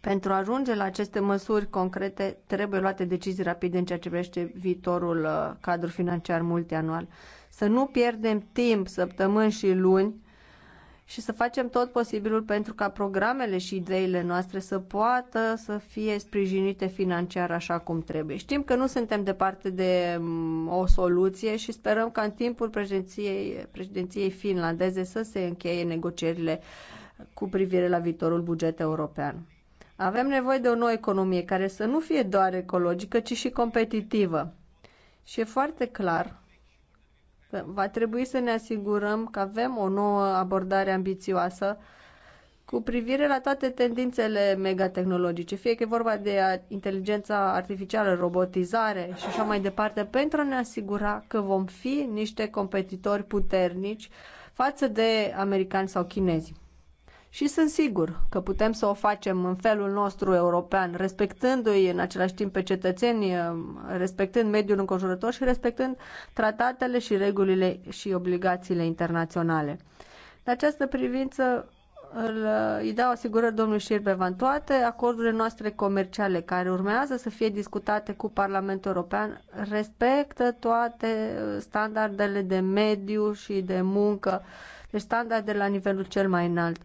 pentru a ajunge la aceste măsuri concrete, trebuie luate decizii rapide în ceea ce privește viitorul uh, cadru financiar multianual. Să nu pierdem timp, săptămâni și luni, și să facem tot posibilul pentru ca programele și ideile noastre să poată să fie sprijinite financiar așa cum trebuie. Știm că nu suntem departe de mm, o soluție și sperăm ca în timpul președinției, președinției finlandeze să se încheie negocierile cu privire la viitorul buget european. Avem nevoie de o nouă economie care să nu fie doar ecologică, ci și competitivă. Și e foarte clar Va trebui să ne asigurăm că avem o nouă abordare ambițioasă cu privire la toate tendințele megatehnologice, fie că e vorba de inteligența artificială, robotizare și așa mai departe, pentru a ne asigura că vom fi niște competitori puternici față de americani sau chinezi. Și sunt sigur că putem să o facem în felul nostru european, respectându-i în același timp pe cetățeni, respectând mediul înconjurător și respectând tratatele și regulile și obligațiile internaționale. În această privință îl, îi dau asigurări domnului Șirbevan toate acordurile noastre comerciale care urmează să fie discutate cu Parlamentul European respectă toate standardele de mediu și de muncă, deci standarde la nivelul cel mai înalt.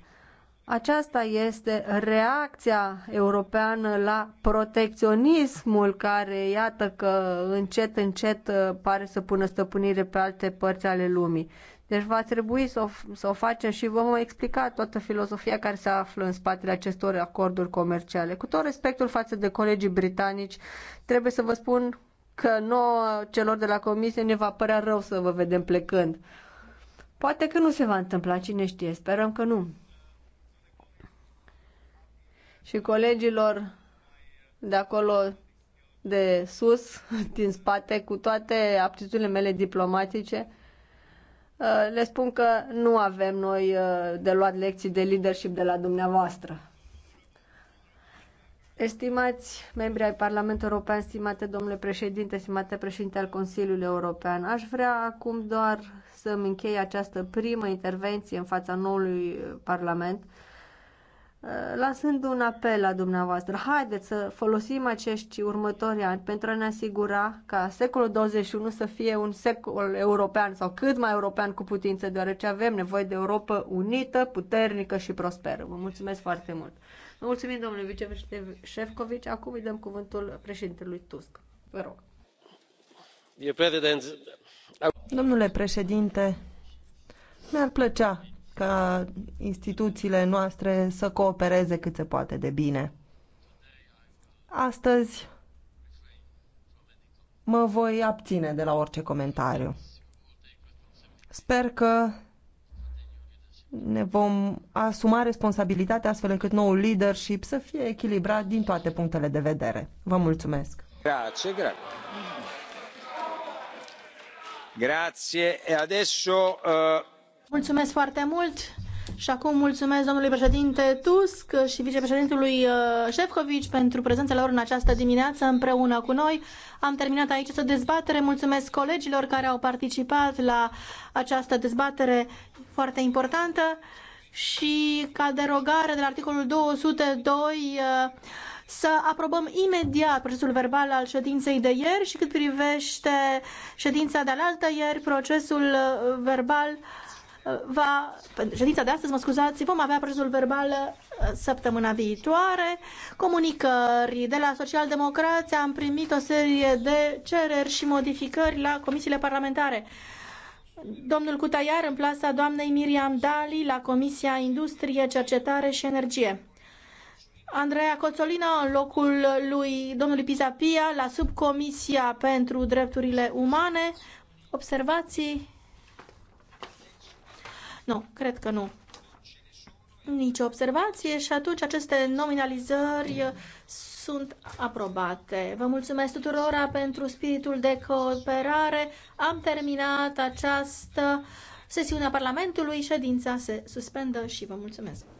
Aceasta este reacția europeană la protecționismul care, iată că încet, încet uh, pare să pună stăpânire pe alte părți ale lumii. Deci va trebui să o, să o facem și vom explica toată filozofia care se află în spatele acestor acorduri comerciale. Cu tot respectul față de colegii britanici, trebuie să vă spun că nouă celor de la comisie ne va părea rău să vă vedem plecând. Poate că nu se va întâmpla, cine știe, sperăm că nu și colegilor de acolo de sus, din spate, cu toate aptitudinile mele diplomatice, uh, le spun că nu avem noi uh, de luat lecții de leadership de la dumneavoastră. Estimați membri ai Parlamentului European, stimate domnule președinte, stimate președinte al Consiliului European, aș vrea acum doar să-mi închei această primă intervenție în fața noului Parlament Eh, lansând un apel la dumneavoastră. Haideți să folosim acești următori ani pentru a ne asigura ca secolul 21 să fie un secol european sau cât mai european cu putință, deoarece avem nevoie de Europa unită, puternică și prosperă. Vă mulțumesc foarte mult. Vă mulțumim, domnule vicepreședinte Șefcovici. Acum îi dăm cuvântul președintelui Tusk. Vă rog. Domnule președinte, mi-ar plăcea ca instituțiile noastre să coopereze cât se poate de bine. Astăzi mă voi abține de la orice comentariu. Sper că ne vom asuma responsabilitatea astfel încât noul leadership să fie echilibrat din toate punctele de vedere. Vă mulțumesc! Grazie, grazie. Grazie. E adesso uh... Mulțumesc foarte mult și acum mulțumesc domnului președinte Tusk și vicepreședintelui uh, Șefcovici pentru prezența lor în această dimineață împreună cu noi. Am terminat aici această dezbatere. Mulțumesc colegilor care au participat la această dezbatere foarte importantă și ca derogare de la articolul 202 uh, să aprobăm imediat procesul verbal al ședinței de ieri și cât privește ședința de alaltă ieri, procesul uh, verbal va, ședința de astăzi, mă scuzați, vom avea prezul verbal uh, săptămâna viitoare. Comunicări de la Socialdemocrația am primit o serie de cereri și modificări la comisiile parlamentare. Domnul Cutaiar în plasa doamnei Miriam Dali la Comisia Industrie, Cercetare și Energie. Andreea Coțolina în locul lui domnului Pizapia la subcomisia pentru drepturile umane. Observații? Nu, cred că nu. Nicio observație și atunci aceste nominalizări sunt aprobate. Vă mulțumesc tuturora pentru spiritul de cooperare. Am terminat această sesiune a Parlamentului. Ședința se suspendă și vă mulțumesc.